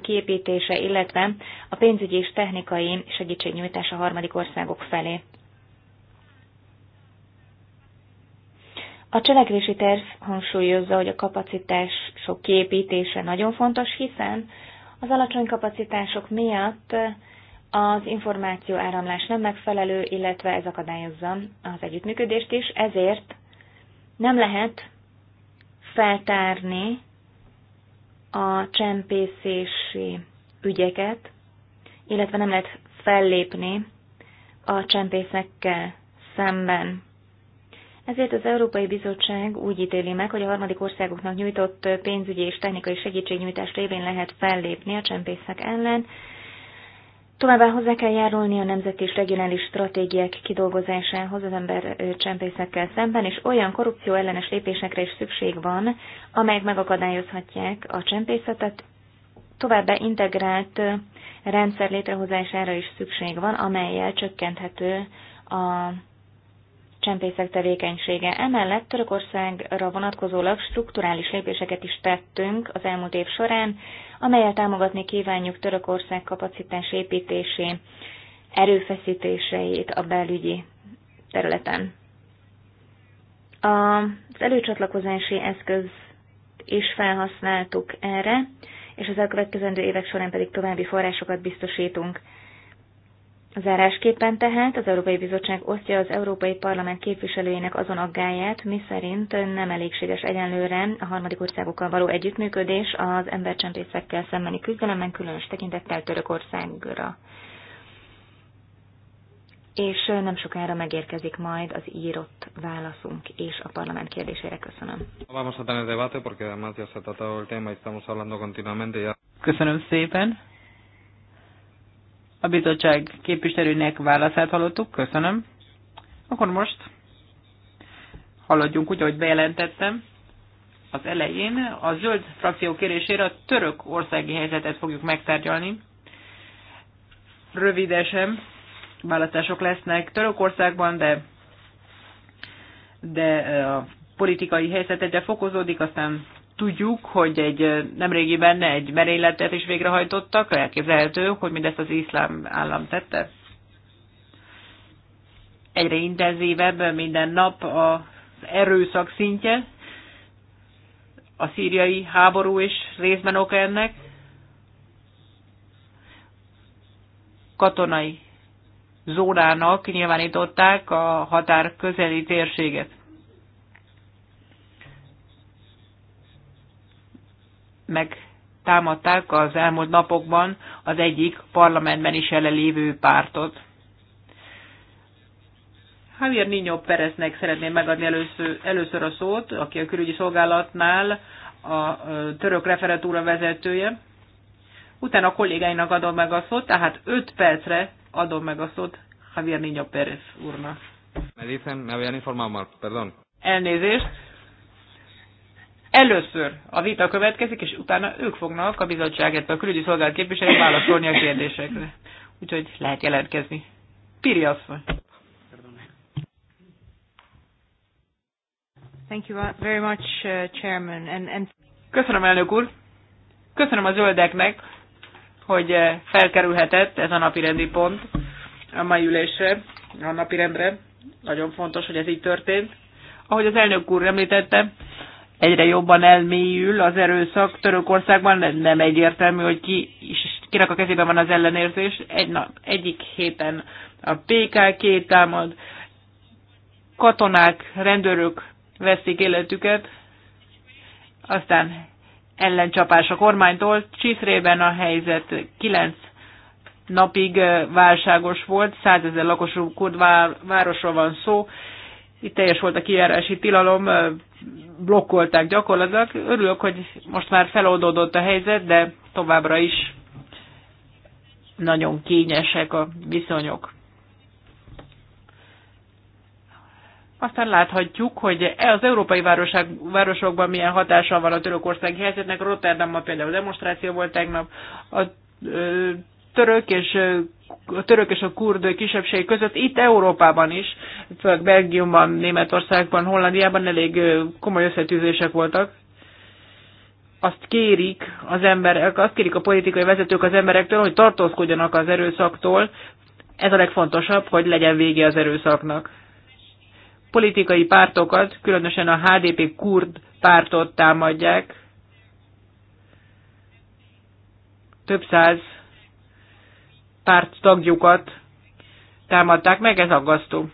kiépítése, illetve a pénzügyi és technikai segítségnyújtás a harmadik országok felé. A cselekvési terv hangsúlyozza, hogy a kapacitások kiépítése nagyon fontos, hiszen az alacsony kapacitások miatt az információ áramlás nem megfelelő, illetve ez akadályozza az együttműködést is, ezért nem lehet feltárni a csempészési ügyeket, illetve nem lehet fellépni a csempészekkel szemben. Ezért az Európai Bizottság úgy ítéli meg, hogy a harmadik országoknak nyújtott pénzügyi és technikai segítségnyújtás révén lehet fellépni a csempészek ellen, Továbbá hozzá kell járulni a nemzeti és regionális stratégiák kidolgozásához az ember csempészekkel szemben, és olyan korrupció ellenes lépésekre is szükség van, amelyek megakadályozhatják a csempészetet, továbbá integrált rendszer létrehozására is szükség van, amelyel csökkenthető a csempészek tevékenysége. Emellett Törökországra vonatkozólag strukturális lépéseket is tettünk az elmúlt év során, amelyel támogatni kívánjuk Törökország kapacitás építésén, erőfeszítéseit a belügyi területen. Az előcsatlakozási eszköz is felhasználtuk erre, és az elkövetkezendő évek során pedig további forrásokat biztosítunk. Zárásképpen tehát az Európai Bizottság osztja az Európai Parlament képviselőjének azon aggáját, miszerint nem elégséges egyenlőre a harmadik országokkal való együttműködés az embercsempészekkel szembeni küzdelemben, különös tekintettel Törökországra. És nem sokára megérkezik majd az írott válaszunk és a parlament kérdésére. Köszönöm. Köszönöm szépen. A bizottság képviselőnek válaszát hallottuk, köszönöm. Akkor most haladjunk úgy, ahogy bejelentettem az elején. A zöld frakció kérésére a török országi helyzetet fogjuk megtárgyalni. Rövidesen választások lesznek Törökországban, de, de a politikai helyzet egyre fokozódik, aztán Tudjuk, hogy egy nemrégiben egy merényletet is végrehajtottak, elképzelhető, hogy mindezt az iszlám állam tette. Egyre intenzívebb minden nap az erőszak szintje, a szíriai háború is részben oka ennek, katonai zónának nyilvánították a határ közeli térséget. megtámadták az elmúlt napokban az egyik parlamentben is elelévő pártot. Javier Nino Pereznek szeretném megadni először, először a szót, aki a külügyi szolgálatnál a török referatúra vezetője. Utána a kollégáinak adom meg a szót, tehát 5 percre adom meg a szót Javier Nino Perez úrnak. Elnézést Először a vita következik, és utána ők fognak a bizottság, a külügyi szolgálat képviselők válaszolni a kérdésekre. Úgyhogy lehet jelentkezni. Piri asszony. Thank you very much, uh, Chairman. And, and... Köszönöm, elnök úr. Köszönöm a zöldeknek, hogy uh, felkerülhetett ez a napi rendi pont a mai ülésre, a napi rendre. Nagyon fontos, hogy ez így történt. Ahogy az elnök úr említette, egyre jobban elmélyül az erőszak Törökországban, nem egyértelmű, hogy ki is, kinek a kezében van az ellenérzés. Egy nap, egyik héten a PKK támad, katonák, rendőrök veszik életüket, aztán ellencsapás a kormánytól. Csiszrében a helyzet 9 napig válságos volt, 100 ezer lakosú kurd városról van szó, itt teljes volt a kijárási tilalom, blokkolták gyakorlatilag. Örülök, hogy most már feloldódott a helyzet, de továbbra is nagyon kényesek a viszonyok. Aztán láthatjuk, hogy az európai városok, városokban milyen hatással van a törökországi helyzetnek. Rotterdamban például demonstráció volt tegnap, a török és a török és a kurd kisebbség között, itt Európában is, főleg Belgiumban, Németországban, Hollandiában elég komoly összetűzések voltak. Azt kérik az emberek, azt kérik a politikai vezetők az emberektől, hogy tartózkodjanak az erőszaktól. Ez a legfontosabb, hogy legyen vége az erőszaknak. Politikai pártokat, különösen a HDP kurd pártot támadják. Több száz párt tagjukat támadták meg, ez aggasztó.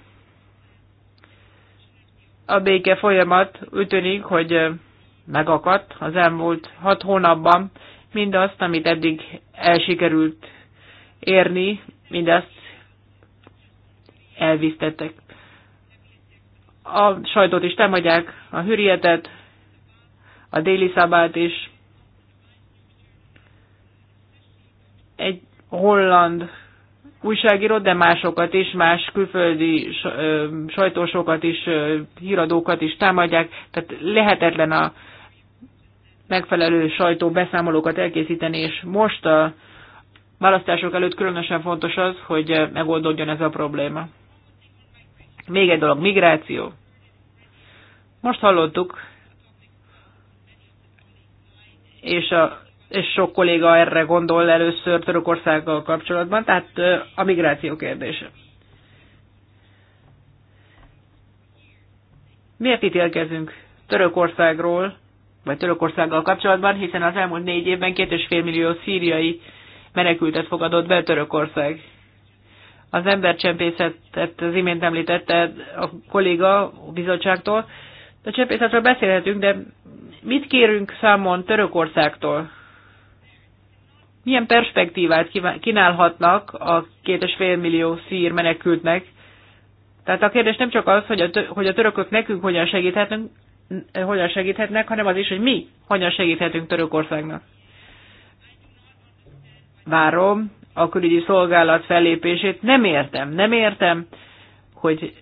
A béke folyamat úgy tűnik, hogy megakadt az elmúlt hat hónapban mindazt, amit eddig elsikerült érni, mindazt elvisztettek. A sajtót is temadják, a hürrietet, a déli szabát is. Egy holland újságírót, de másokat is, más külföldi sajtósokat is, híradókat is támadják, tehát lehetetlen a megfelelő sajtó beszámolókat elkészíteni, és most a választások előtt különösen fontos az, hogy megoldódjon ez a probléma. Még egy dolog, migráció. Most hallottuk, és a és sok kolléga erre gondol először Törökországgal kapcsolatban, tehát a migráció kérdése. Miért ítélkezünk Törökországról, vagy Törökországgal kapcsolatban, hiszen az elmúlt négy évben két és fél millió szíriai menekültet fogadott be Törökország. Az embercsempészetet az imént említette a kolléga a bizottságtól. A csempészetről beszélhetünk, de mit kérünk számon Törökországtól? milyen perspektívát kínálhatnak a két és fél millió szír menekültnek. Tehát a kérdés nem csak az, hogy a, hogy a törökök nekünk hogyan segíthetnek, hogyan segíthetnek, hanem az is, hogy mi hogyan segíthetünk Törökországnak. Várom a külügyi szolgálat fellépését. Nem értem, nem értem, hogy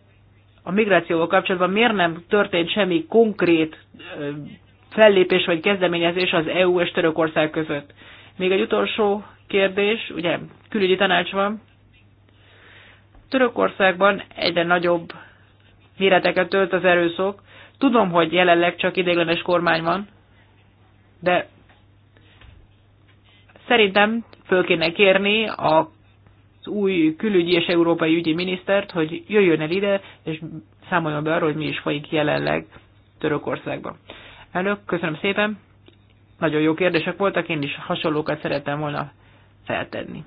a migrációval kapcsolatban miért nem történt semmi konkrét fellépés vagy kezdeményezés az EU és Törökország között. Még egy utolsó kérdés, ugye külügyi tanács van. Törökországban egyre nagyobb méreteket tölt az erőszok. Tudom, hogy jelenleg csak idéglenes kormány van, de szerintem föl kéne kérni az új külügyi és európai ügyi minisztert, hogy jöjjön el ide, és számoljon be arról, hogy mi is folyik jelenleg Törökországban. Elnök, köszönöm szépen! Nagyon jó kérdések voltak, én is hasonlókat szerettem volna feltenni.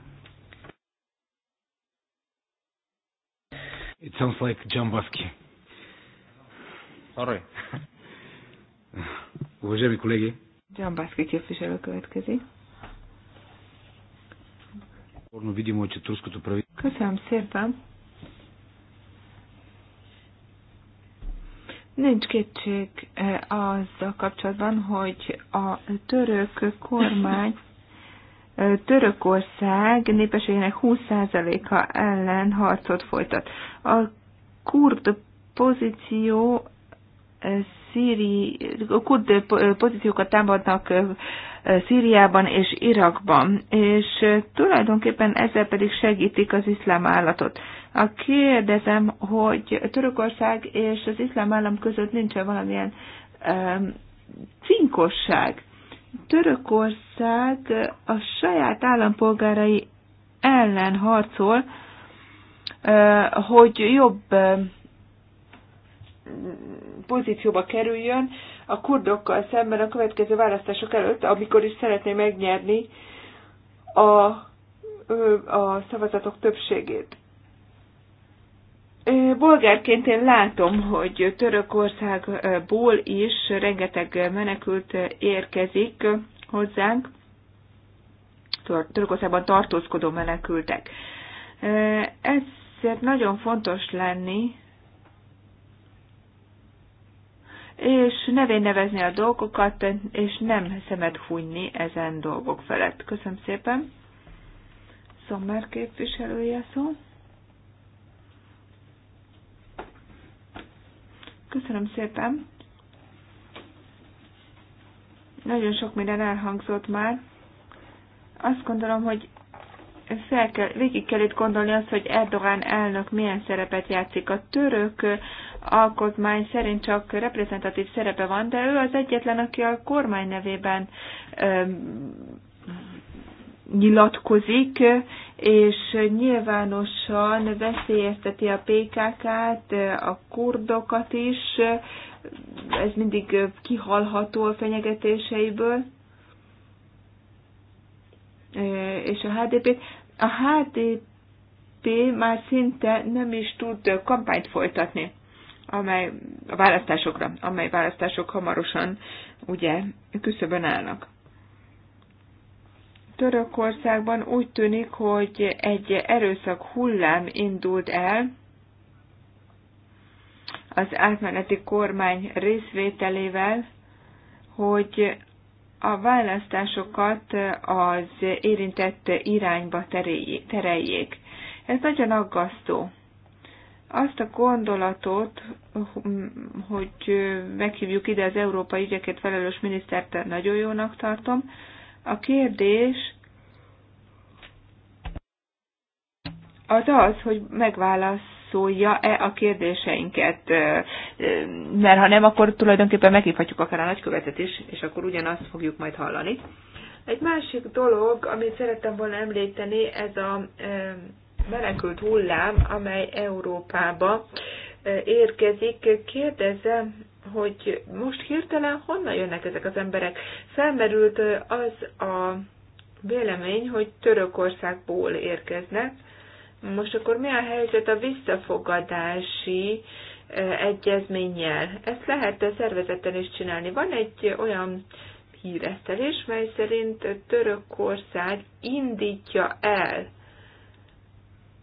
It sounds like Jambaski. Sorry. Уважаеми колеги. Джамбаски képviselő következi. Köszönöm szépen. Nincs kétség e, azzal kapcsolatban, hogy a török kormány e, Törökország népességének 20%-a ellen harcot folytat. A kurd pozíció e, Szíri, a kurd pozíciókat támadnak Szíriában és Irakban, és tulajdonképpen ezzel pedig segítik az iszlám állatot. A kérdezem, hogy Törökország és az iszlám állam között nincsen valamilyen um, cinkosság. Törökország a saját állampolgárai ellen harcol, hogy jobb pozícióba kerüljön a kurdokkal szemben a következő választások előtt, amikor is szeretné megnyerni a, a szavazatok többségét. Bolgárként én látom, hogy Törökországból is rengeteg menekült érkezik hozzánk, Törökországban tartózkodó menekültek. Ezért nagyon fontos lenni, és nevén nevezni a dolgokat, és nem szemet hunyni ezen dolgok felett. Köszönöm szépen. Szommer képviselője szó. Köszönöm szépen. Nagyon sok minden elhangzott már. Azt gondolom, hogy fel kell, végig kell itt gondolni azt, hogy Erdogan elnök milyen szerepet játszik. A török alkotmány szerint csak reprezentatív szerepe van, de ő az egyetlen, aki a kormány nevében ö, nyilatkozik, és nyilvánosan veszélyezteti a PKK-t, a kurdokat is, ez mindig kihalható a fenyegetéseiből, és a HDP-t. A HDP már szinte nem is tud kampányt folytatni amely a választásokra, amely választások hamarosan ugye küszöbön állnak. Törökországban úgy tűnik, hogy egy erőszak hullám indult el az átmeneti kormány részvételével, hogy a választásokat az érintett irányba tereljék. Ez nagyon aggasztó. Azt a gondolatot, hm, hogy meghívjuk ide az európai ügyeket felelős minisztert, nagyon jónak tartom, a kérdés az az, hogy megválaszolja-e a kérdéseinket, mert ha nem, akkor tulajdonképpen meghívhatjuk akár a nagykövetet is, és akkor ugyanazt fogjuk majd hallani. Egy másik dolog, amit szerettem volna említeni, ez a menekült hullám, amely Európába érkezik. Kérdezem hogy most hirtelen honnan jönnek ezek az emberek. Felmerült az a vélemény, hogy Törökországból érkeznek. Most akkor mi a helyzet a visszafogadási egyezménnyel? Ezt lehet szervezetten is csinálni. Van egy olyan híresztelés, mely szerint Törökország indítja el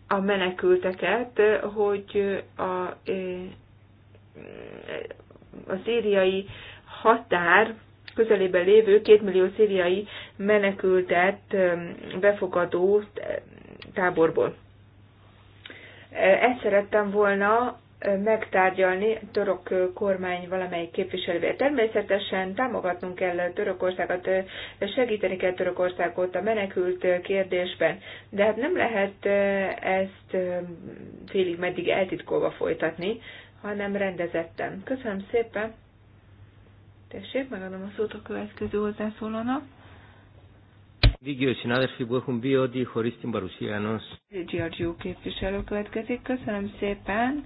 a menekülteket, hogy a a szíriai határ közelében lévő kétmillió szíriai menekültet befogadó táborból. Ezt szerettem volna megtárgyalni a török kormány valamelyik képviselővel. Természetesen támogatnunk kell Törökországot, segíteni kell Törökországot a menekült kérdésben, de hát nem lehet ezt félig meddig eltitkolva folytatni, hanem rendezetten. Köszönöm szépen! Tessék, megadom a szót a következő hozzászólónak. Giorgio képviselő következik. Köszönöm szépen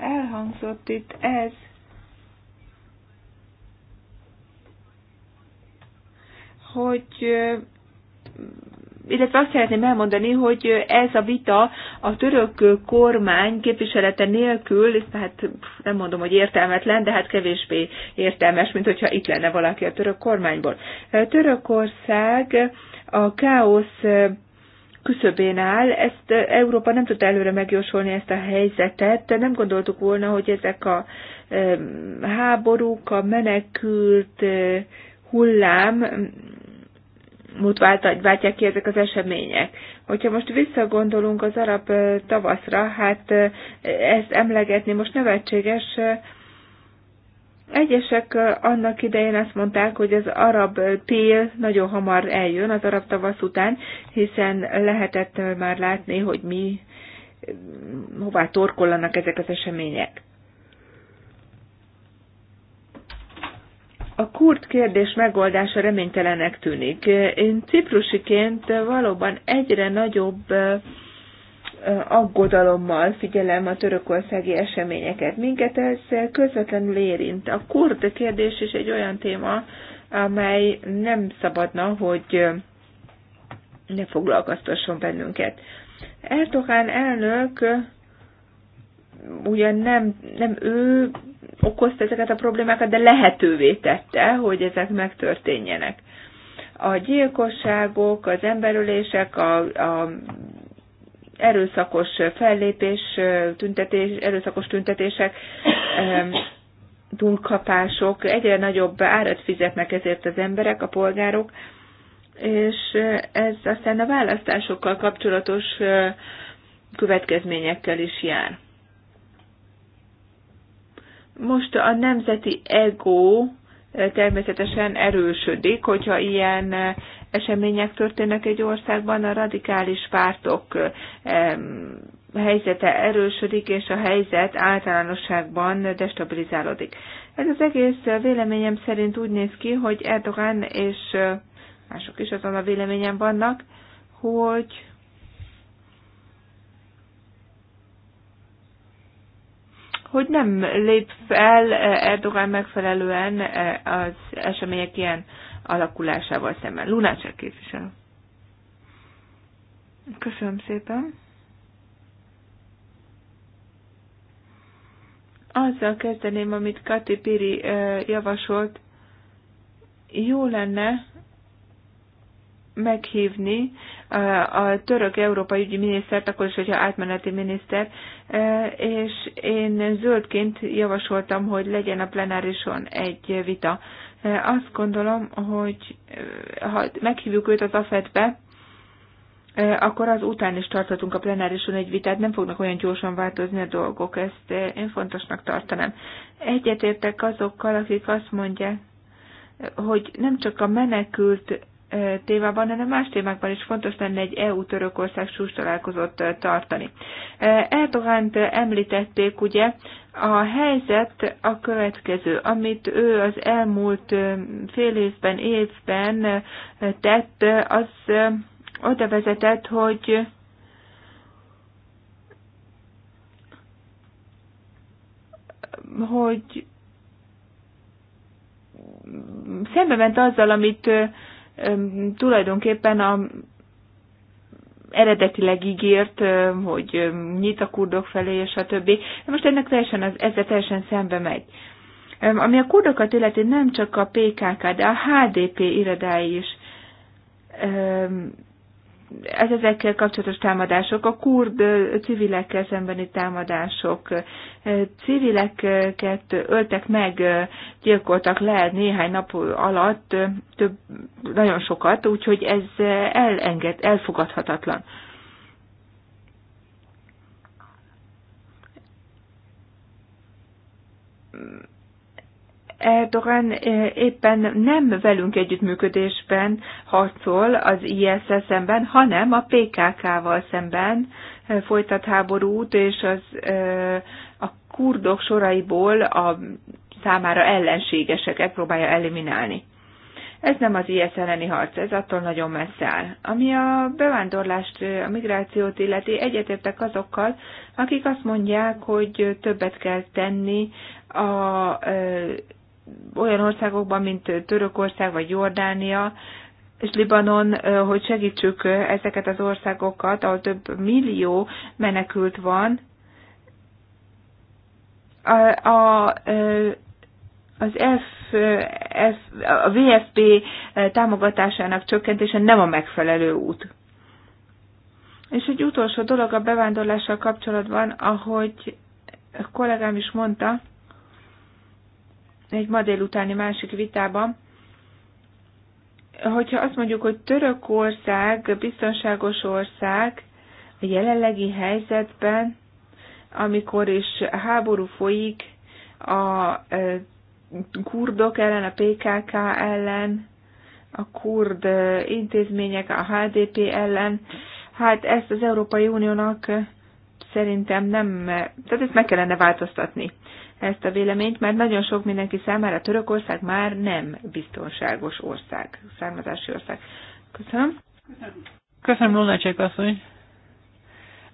elhangzott itt ez, hogy illetve azt szeretném elmondani, hogy ez a vita a török kormány képviselete nélkül, és hát nem mondom, hogy értelmetlen, de hát kevésbé értelmes, mint hogyha itt lenne valaki a török kormányból. Törökország a káosz küszöbén áll. Ezt eh, Európa nem tudta előre megjósolni ezt a helyzetet. Nem gondoltuk volna, hogy ezek a eh, háborúk, a menekült eh, hullám mut mm, váltják ki ezek az események. Hogyha most visszagondolunk az arab tavaszra, hát ezt emlegetni most nevetséges, Egyesek annak idején azt mondták, hogy az arab tél nagyon hamar eljön az arab tavasz után, hiszen lehetett már látni, hogy mi hová torkollanak ezek az események. A kurd kérdés megoldása reménytelenek tűnik. Én ciprusiként valóban egyre nagyobb aggodalommal figyelem a törökországi eseményeket. Minket ez közvetlenül érint. A kurd kérdés is egy olyan téma, amely nem szabadna, hogy ne foglalkoztasson bennünket. Erdogan elnök ugyan nem, nem ő okozta ezeket a problémákat, de lehetővé tette, hogy ezek megtörténjenek. A gyilkosságok, az emberölések, a, a erőszakos fellépés, tüntetés, erőszakos tüntetések, túlkapások, egyre nagyobb árat fizetnek ezért az emberek, a polgárok, és ez aztán a választásokkal kapcsolatos következményekkel is jár. Most a nemzeti ego természetesen erősödik, hogyha ilyen események történnek egy országban, a radikális pártok helyzete erősödik, és a helyzet általánosságban destabilizálódik. Ez az egész véleményem szerint úgy néz ki, hogy Erdogan és mások is azon a véleményen vannak, hogy hogy nem lép fel eh, Erdogan megfelelően eh, az események ilyen alakulásával szemben. Lunácsak képviselő. Köszönöm szépen. Azzal kezdeném, amit Kati Piri eh, javasolt. Jó lenne meghívni a török európai ügyi minisztert, akkor is, hogyha átmeneti miniszter, és én zöldként javasoltam, hogy legyen a plenárison egy vita. Azt gondolom, hogy ha meghívjuk őt az AFED-be, akkor az után is tarthatunk a plenárison egy vitát, nem fognak olyan gyorsan változni a dolgok, ezt én fontosnak tartanám. Egyetértek azokkal, akik azt mondják, hogy nem csak a menekült témában, hanem más témákban is fontos lenne egy EU-Törökország sús találkozót tartani. Erdogánt említették, ugye, a helyzet a következő, amit ő az elmúlt fél évben, évben tett, az oda vezetett, hogy hogy szembe ment azzal, amit tulajdonképpen a eredetileg ígért, hogy nyit a kurdok felé, és a többi. de Most ennek teljesen, az, ezzel teljesen szembe megy. Ami a kurdokat illeti, nem csak a PKK, de a HDP irodái is ez ezekkel kapcsolatos támadások, a kurd civilekkel szembeni támadások, civileket öltek meg, gyilkoltak le néhány nap alatt, több, nagyon sokat, úgyhogy ez elenged, elfogadhatatlan. Mm Erdogan eh, éppen nem velünk együttműködésben harcol az is szemben, hanem a PKK-val szemben eh, folytat háborút, és az, eh, a kurdok soraiból a számára ellenségeseket próbálja eliminálni. Ez nem az IS elleni harc, ez attól nagyon messze áll. Ami a bevándorlást, a migrációt illeti, egyetértek azokkal, akik azt mondják, hogy többet kell tenni a olyan országokban, mint Törökország vagy Jordánia, és Libanon, hogy segítsük ezeket az országokat, ahol több millió menekült van. A, a, az F, F, a VFP támogatásának csökkentése nem a megfelelő út. És egy utolsó dolog a bevándorlással kapcsolatban, ahogy a kollégám is mondta, egy ma délutáni másik vitában, hogyha azt mondjuk, hogy Törökország biztonságos ország a jelenlegi helyzetben, amikor is háború folyik a e, kurdok ellen, a PKK ellen, a kurd e, intézmények, a HDP ellen, hát ezt az Európai Uniónak szerintem nem, e, tehát ezt meg kellene változtatni ezt a véleményt, mert nagyon sok mindenki számára Törökország már nem biztonságos ország, származási ország. Köszönöm. Köszönöm, Köszönöm Lunacsék asszony.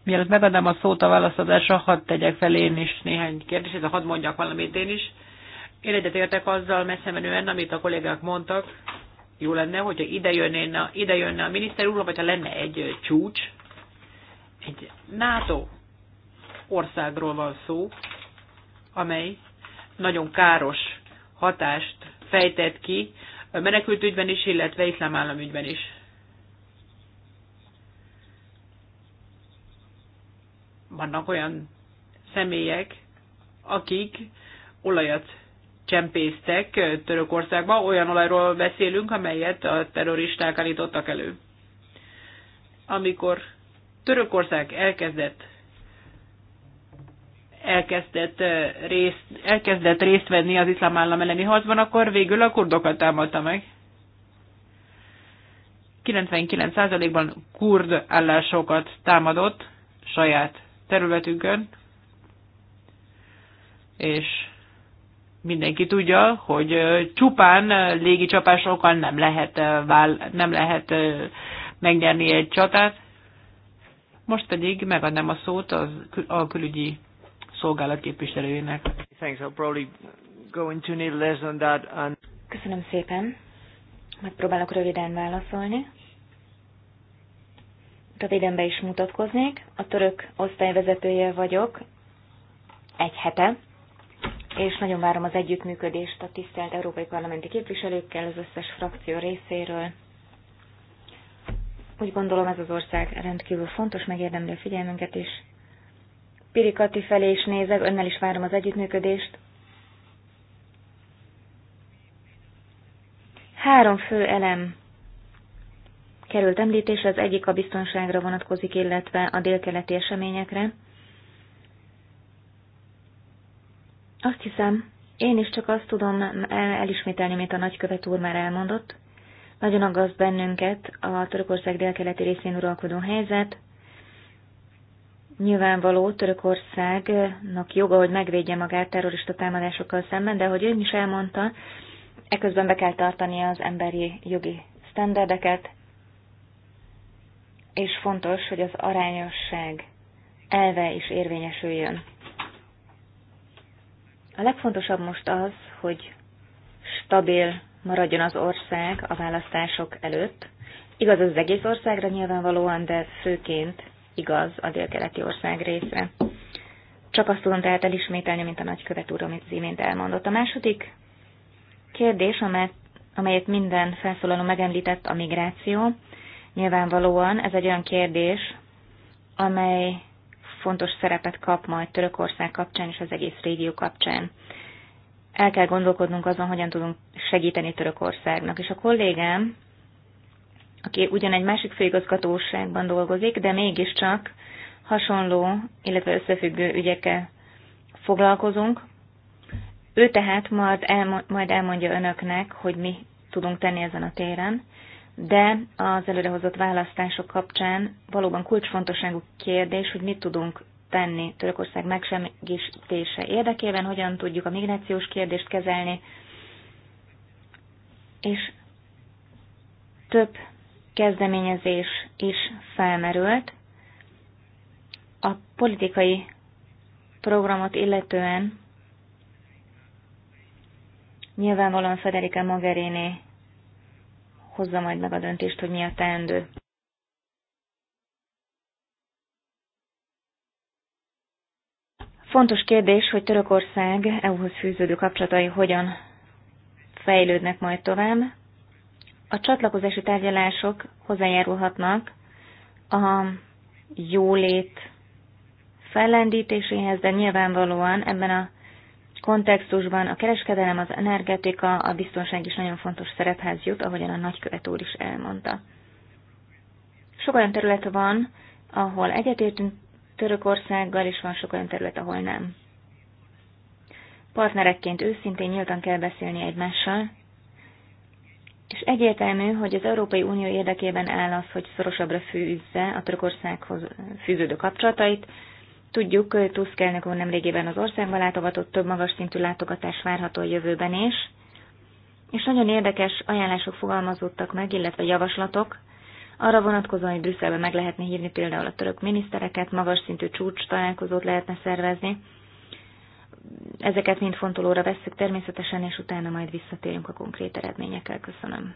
Mielőtt megadnám a szót a válaszadásra, hadd tegyek fel én is néhány kérdést, a hadd mondjak valamit én is. Én egyetértek azzal messze menően, amit a kollégák mondtak. Jó lenne, hogyha ide jönne, a, ide jönne a miniszter úr, vagy ha lenne egy csúcs, egy NATO országról van szó, amely nagyon káros hatást fejtett ki a menekült ügyben is, illetve iszlám állam ügyben is. Vannak olyan személyek, akik olajat csempésztek Törökországba, olyan olajról beszélünk, amelyet a terroristák állítottak elő. Amikor Törökország elkezdett elkezdett részt, elkezdett részt venni az iszlám állam elleni harcban, akkor végül a kurdokat támadta meg. 99%-ban kurd állásokat támadott saját területükön, és mindenki tudja, hogy csupán légicsapásokkal nem lehet, nem lehet megnyerni egy csatát. Most pedig megadnám a szót az, a külügyi szolgálat képviselőjének. Thanks, I'll probably go into need less than that. And... Köszönöm szépen. Megpróbálok röviden válaszolni. Röviden be is mutatkoznék. A török osztályvezetője vagyok egy hete, és nagyon várom az együttműködést a tisztelt európai parlamenti képviselőkkel az összes frakció részéről. Úgy gondolom ez az ország rendkívül fontos, megérdemli a figyelmünket, és Pirikati felé is nézek, önnel is várom az együttműködést. Három fő elem került említésre, az egyik a biztonságra vonatkozik, illetve a délkeleti eseményekre. Azt hiszem, én is csak azt tudom elismételni, amit a nagykövet úr már elmondott. Nagyon aggaszt bennünket a Törökország délkeleti részén uralkodó helyzet, Nyilvánvaló Törökországnak joga, hogy megvédje magát terrorista támadásokkal szemben, de ahogy ön is elmondta, eközben be kell tartani az emberi jogi sztenderdeket, és fontos, hogy az arányosság elve is érvényesüljön. A legfontosabb most az, hogy stabil maradjon az ország a választások előtt. Igaz az egész országra nyilvánvalóan, de főként igaz a délkeleti ország részre. Csak azt tudom tehát elismételni, mint a nagykövet úr, amit az imént elmondott. A második kérdés, amelyet, amelyet minden felszólaló megemlített, a migráció. Nyilvánvalóan ez egy olyan kérdés, amely fontos szerepet kap majd Törökország kapcsán és az egész régió kapcsán. El kell gondolkodnunk azon, hogyan tudunk segíteni Törökországnak. És a kollégám aki ugyan egy másik főigazgatóságban dolgozik, de mégiscsak hasonló, illetve összefüggő ügyekkel foglalkozunk. Ő tehát majd, elmo- majd elmondja önöknek, hogy mi tudunk tenni ezen a téren, de az előrehozott választások kapcsán valóban kulcsfontosságú kérdés, hogy mit tudunk tenni Törökország megsemmisítése érdekében, hogyan tudjuk a migrációs kérdést kezelni, és több kezdeményezés is felmerült. A politikai programot illetően nyilvánvalóan Federica Mogherini hozza majd meg a döntést, hogy mi a teendő. Fontos kérdés, hogy Törökország EU-hoz fűződő kapcsolatai hogyan fejlődnek majd tovább a csatlakozási tárgyalások hozzájárulhatnak a jólét fellendítéséhez, de nyilvánvalóan ebben a kontextusban a kereskedelem, az energetika, a biztonság is nagyon fontos szerephez jut, ahogyan a nagykövet úr is elmondta. Sok olyan terület van, ahol egyetértünk Törökországgal, és van sok olyan terület, ahol nem. Partnerekként őszintén nyíltan kell beszélni egymással, és egyértelmű, hogy az Európai Unió érdekében áll az, hogy szorosabbra fűzze a Törökországhoz fűződő kapcsolatait. Tudjuk, Tusk elnök úr nemrégében az országba látogatott, több magas szintű látogatás várható a jövőben is. És nagyon érdekes ajánlások fogalmazódtak meg, illetve javaslatok, arra vonatkozóan, hogy Brüsszelben meg lehetne hívni például a török minisztereket, magas szintű csúcs találkozót lehetne szervezni, ezeket mind fontolóra vesszük természetesen, és utána majd visszatérünk a konkrét eredményekkel. Köszönöm.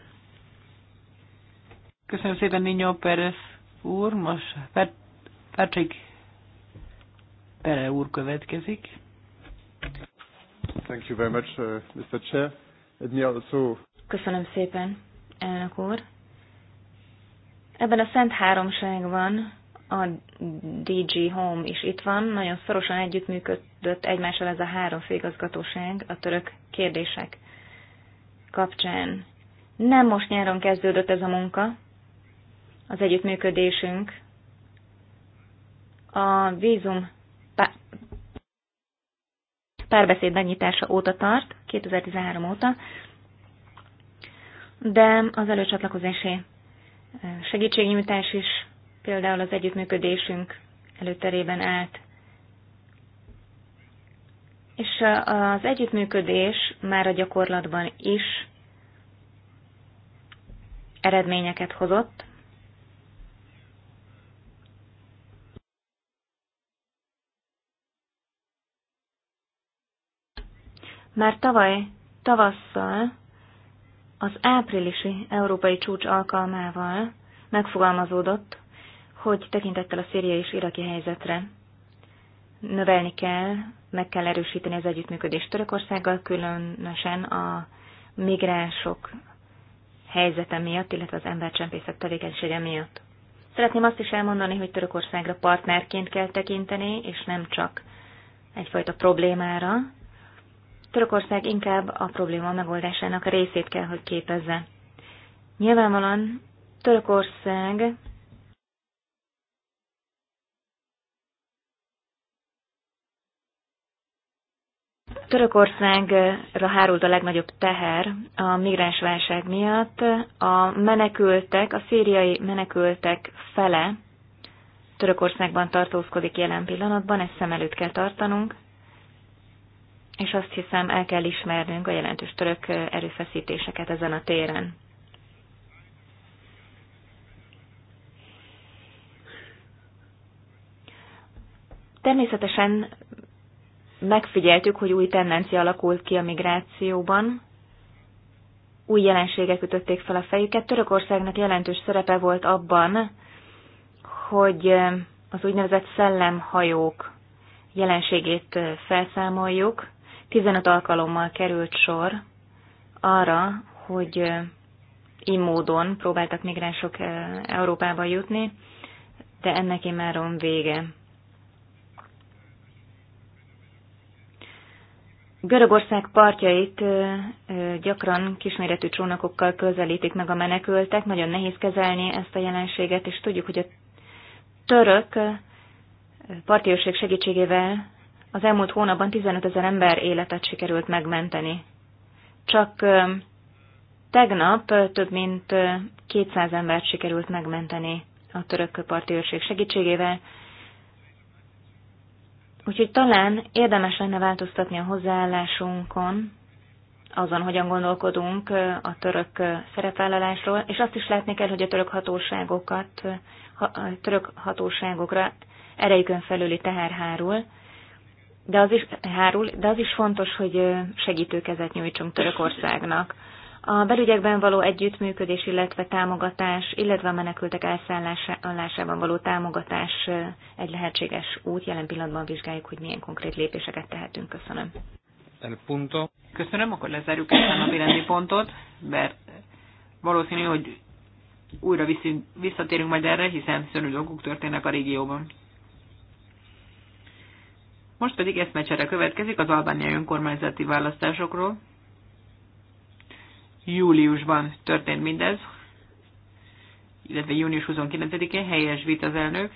Köszönöm szépen, Ninyó Pérez úr. Most Patrick Pere úr következik. Thank you very much, uh, Mr. Chair. Let me also... Köszönöm szépen, elnök úr. Ebben a Szent Háromságban a DG Home is itt van, nagyon szorosan együttműködött egymással ez a három főigazgatóság a török kérdések kapcsán. Nem most nyáron kezdődött ez a munka, az együttműködésünk. A vízum párbeszéd megnyitása óta tart, 2013 óta, de az előcsatlakozási segítségnyújtás is például az együttműködésünk előterében állt. És az együttműködés már a gyakorlatban is eredményeket hozott. Már tavaly tavasszal az áprilisi európai csúcs alkalmával megfogalmazódott hogy tekintettel a széria és iraki helyzetre növelni kell, meg kell erősíteni az együttműködést Törökországgal, különösen a migránsok helyzete miatt, illetve az embercsempészet tevékenysége miatt. Szeretném azt is elmondani, hogy Törökországra partnerként kell tekinteni, és nem csak egyfajta problémára. Törökország inkább a probléma megoldásának a részét kell, hogy képezze. Nyilvánvalóan Törökország Törökországra hárult a legnagyobb teher a migránsválság miatt. A menekültek, a szíriai menekültek fele Törökországban tartózkodik jelen pillanatban, ezt szem előtt kell tartanunk, és azt hiszem el kell ismernünk a jelentős török erőfeszítéseket ezen a téren. Természetesen megfigyeltük, hogy új tendencia alakult ki a migrációban, új jelenségek ütötték fel a fejüket. Törökországnak jelentős szerepe volt abban, hogy az úgynevezett szellemhajók jelenségét felszámoljuk. 15 alkalommal került sor arra, hogy így módon próbáltak migránsok Európába jutni, de ennek imáron vége. Görögország partjait gyakran kisméretű csónakokkal közelítik meg a menekültek, nagyon nehéz kezelni ezt a jelenséget, és tudjuk, hogy a török partiőrség segítségével az elmúlt hónapban 15 ezer ember életet sikerült megmenteni. Csak tegnap több mint 200 embert sikerült megmenteni a török partiőrség segítségével, Úgyhogy talán érdemes lenne változtatni a hozzáállásunkon, azon, hogyan gondolkodunk a török szerepvállalásról, és azt is látni kell, hogy a török hatóságokat, a török hatóságokra erejükön felüli teher hárul, de az is, hárul, de az is fontos, hogy segítőkezet nyújtsunk Törökországnak a belügyekben való együttműködés, illetve támogatás, illetve a menekültek elszállásában való támogatás eh, egy lehetséges út. Jelen pillanatban vizsgáljuk, hogy milyen konkrét lépéseket tehetünk. Köszönöm. Punto. Köszönöm, akkor lezárjuk ezt a rendi pontot, mert valószínű, hogy újra viszünk, visszatérünk majd erre, hiszen szörnyű dolgok történnek a régióban. Most pedig ezt meccsere következik az albániai önkormányzati választásokról júliusban történt mindez, illetve június 29-én helyes vit az elnök.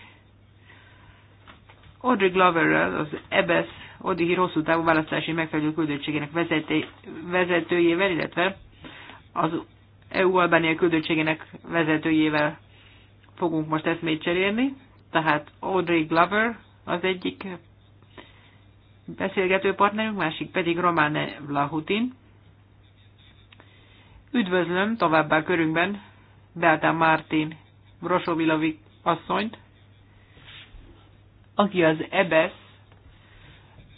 Audrey Gloverrel, az EBS e Odihi hosszú távú választási megfelelő küldöttségének vezetőjével, illetve az EU Albánia küldöttségének vezetőjével fogunk most eszmét cserélni. Tehát Audrey Glover az egyik beszélgető partnerünk, másik pedig Romane Vlahutin, Üdvözlöm továbbá körünkben Beata Mártin Brosovilovik asszonyt, aki az EBESZ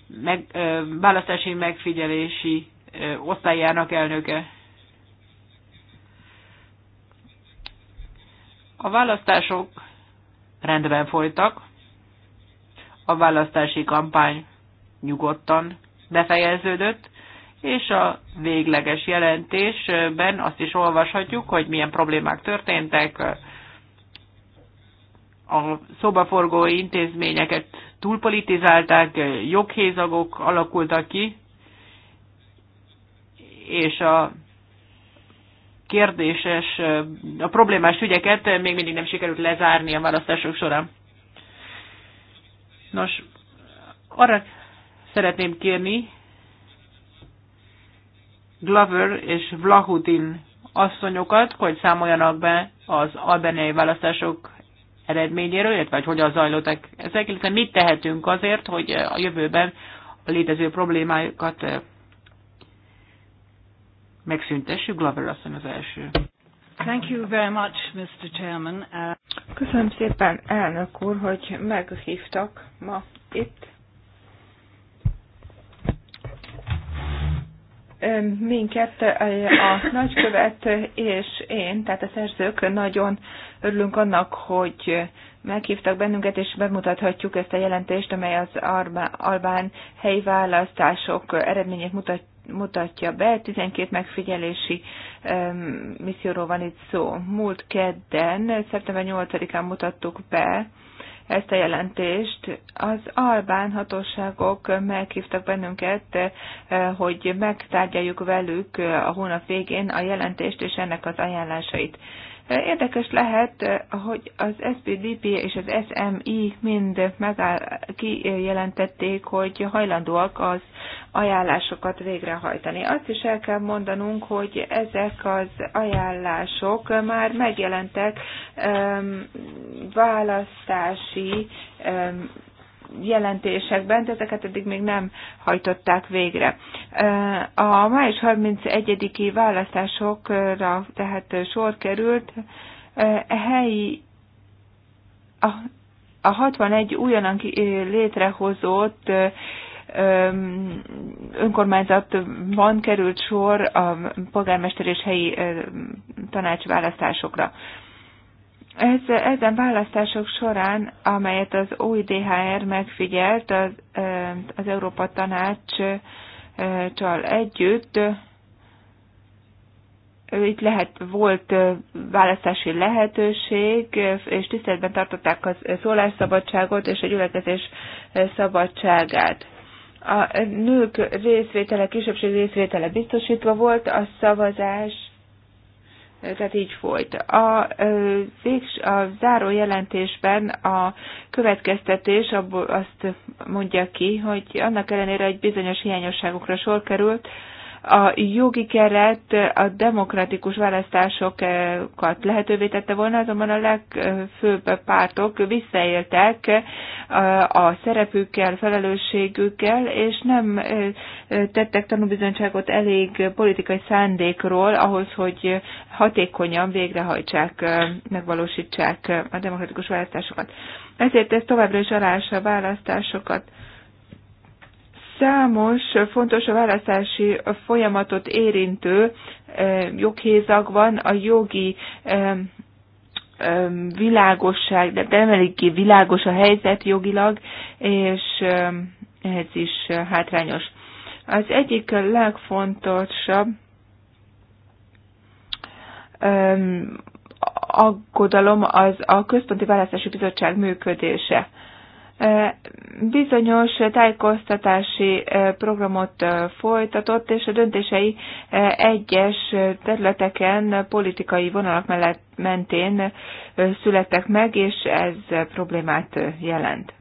meg, ö, választási megfigyelési ö, osztályának elnöke. A választások rendben folytak, a választási kampány nyugodtan befejeződött, és a végleges jelentésben azt is olvashatjuk, hogy milyen problémák történtek, a szobaforgó intézményeket túlpolitizálták, joghézagok alakultak ki, és a kérdéses, a problémás ügyeket még mindig nem sikerült lezárni a választások során. Nos, arra szeretném kérni Glover és Vlahutin asszonyokat, hogy számoljanak be az albániai választások eredményéről, illetve hogy hogyan zajlottak ezek, illetve mit tehetünk azért, hogy a jövőben a létező problémákat eh, megszüntessük. Glover asszony az első. Thank you very much, Mr. Chairman. Uh, Köszönöm szépen, elnök úr, hogy meghívtak ma itt. minket a nagykövet és én, tehát a szerzők nagyon örülünk annak, hogy meghívtak bennünket, és bemutathatjuk ezt a jelentést, amely az albán helyi választások eredményét mutatja mutatja be. 12 megfigyelési um, misszióról van itt szó. Múlt kedden, szeptember 8-án mutattuk be ezt a jelentést. Az albán hatóságok meghívtak bennünket, eh, hogy megtárgyaljuk velük eh, a hónap végén a jelentést és ennek az ajánlásait. Eh, érdekes lehet, hogy az SPDP és az SMI mind megáll, kijelentették, hogy hajlandóak az ajánlásokat végrehajtani. Azt is el kell mondanunk, hogy ezek az ajánlások már megjelentek választási jelentésekben, de ezeket eddig még nem hajtották végre. A május 31-i választásokra tehát sor került, A helyi a, a 61 újonnan létrehozott Önkormányzat van került sor a polgármester és helyi tanács választásokra. Ez, ezen választások során, amelyet az OIDHR megfigyelt az, az Európa Tanácssal együtt, itt lehet, volt választási lehetőség, és tiszteletben tartották a szólásszabadságot és a gyülekezés szabadságát a nők részvétele, kisebbség részvétele biztosítva volt, a szavazás, tehát így folyt. A, végs, a záró jelentésben a következtetés abból azt mondja ki, hogy annak ellenére, hogy bizonyos hiányosságokra sor került, a jogi keret a demokratikus választásokat lehetővé tette volna, azonban a legfőbb pártok visszaéltek a szerepükkel, felelősségükkel, és nem tettek tanúbizonyságot elég politikai szándékról ahhoz, hogy hatékonyan végrehajtsák, megvalósítsák a demokratikus választásokat. Ezért ez továbbra is alása a választásokat. Számos fontos a választási folyamatot érintő eh, joghézag van, a jogi világosság, de nem elég ki világos a helyzet jogilag, és ez is hátrányos. Az egyik legfontosabb aggodalom az a Központi Választási Bizottság működése bizonyos tájékoztatási programot folytatott, és a döntései egyes területeken politikai vonalak mellett mentén születtek meg, és ez problémát jelent.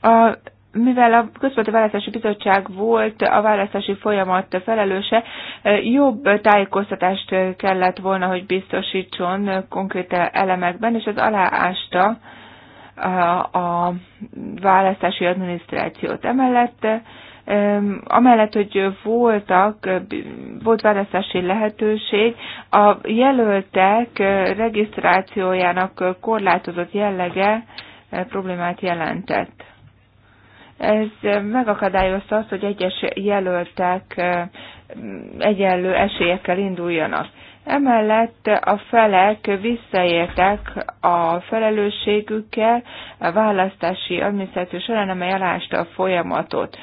A mivel a Központi Választási Bizottság volt a választási folyamat felelőse, jobb tájékoztatást kellett volna, hogy biztosítson konkrét elemekben, és az aláásta a választási adminisztrációt. Emellett amellett, hogy voltak, volt választási lehetőség, a jelöltek regisztrációjának korlátozott jellege problémát jelentett. Ez megakadályozta azt, hogy egyes jelöltek egyenlő esélyekkel induljanak. Emellett a felek visszaértek a felelősségükkel a választási adminisztráció során, amely alásta a folyamatot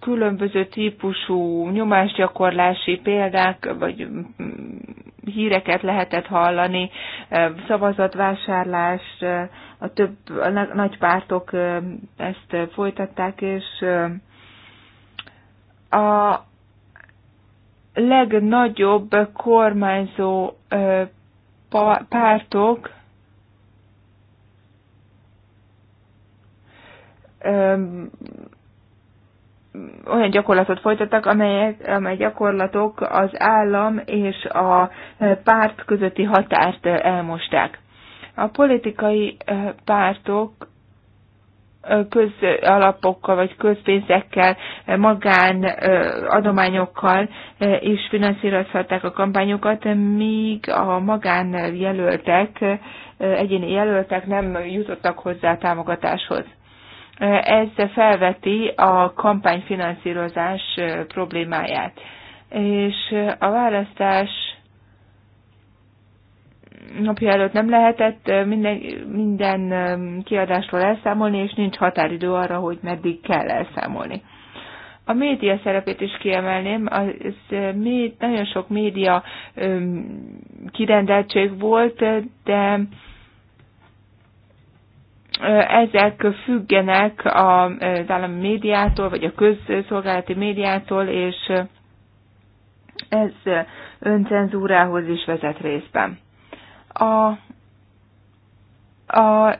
különböző típusú nyomásgyakorlási példák, vagy mm, híreket lehetett hallani, szavazatvásárlás, a több a nagy pártok ezt folytatták, és a legnagyobb kormányzó pártok olyan gyakorlatot folytattak, amelyek, amely gyakorlatok az állam és a eh, párt közötti határt eh, elmosták. A politikai eh, pártok közalapokkal vagy közpénzekkel, magán adományokkal is finanszírozhatták a kampányokat, míg a magán jelöltek, egyéni jelöltek nem jutottak hozzá a támogatáshoz. Ez felveti a kampányfinanszírozás problémáját. És a választás napja előtt nem lehetett minden, minden kiadásról elszámolni, és nincs határidő arra, hogy meddig kell elszámolni. A média szerepét is kiemelném, az, nagyon sok média kirendeltség volt, de ezek függenek az állami médiától, vagy a közszolgálati médiától, és ez öncenzúrához is vezet részben. A, a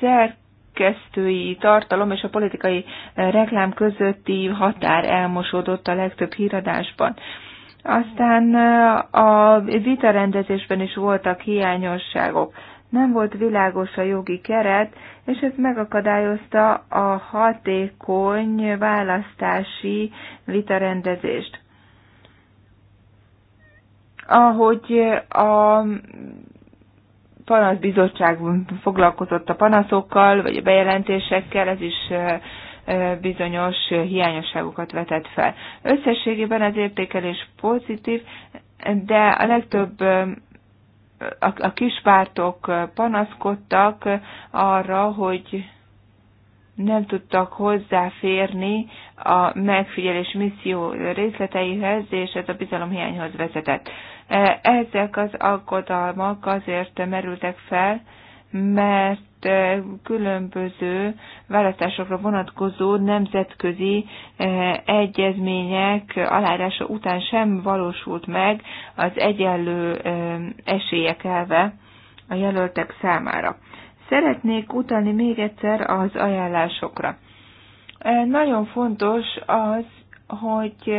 szerkesztői tartalom és a politikai reklám közötti határ elmosódott a legtöbb híradásban. Aztán a vitarendezésben is voltak hiányosságok nem volt világos a jogi keret, és ez megakadályozta a hatékony választási vitarendezést. Ahogy a panaszbizottság foglalkozott a panaszokkal, vagy a bejelentésekkel, ez is bizonyos hiányosságokat vetett fel. Összességében az értékelés pozitív, de a legtöbb a, a kispártok panaszkodtak arra, hogy nem tudtak hozzáférni a megfigyelés misszió részleteihez, és ez a bizalomhiányhoz vezetett. E, ezek az aggodalmak azért merültek fel, mert eh, különböző választásokra vonatkozó nemzetközi eh, egyezmények aláírása után sem valósult meg az egyenlő eh, esélyek elve a jelöltek számára. Szeretnék utalni még egyszer az ajánlásokra. Nagyon fontos az, hogy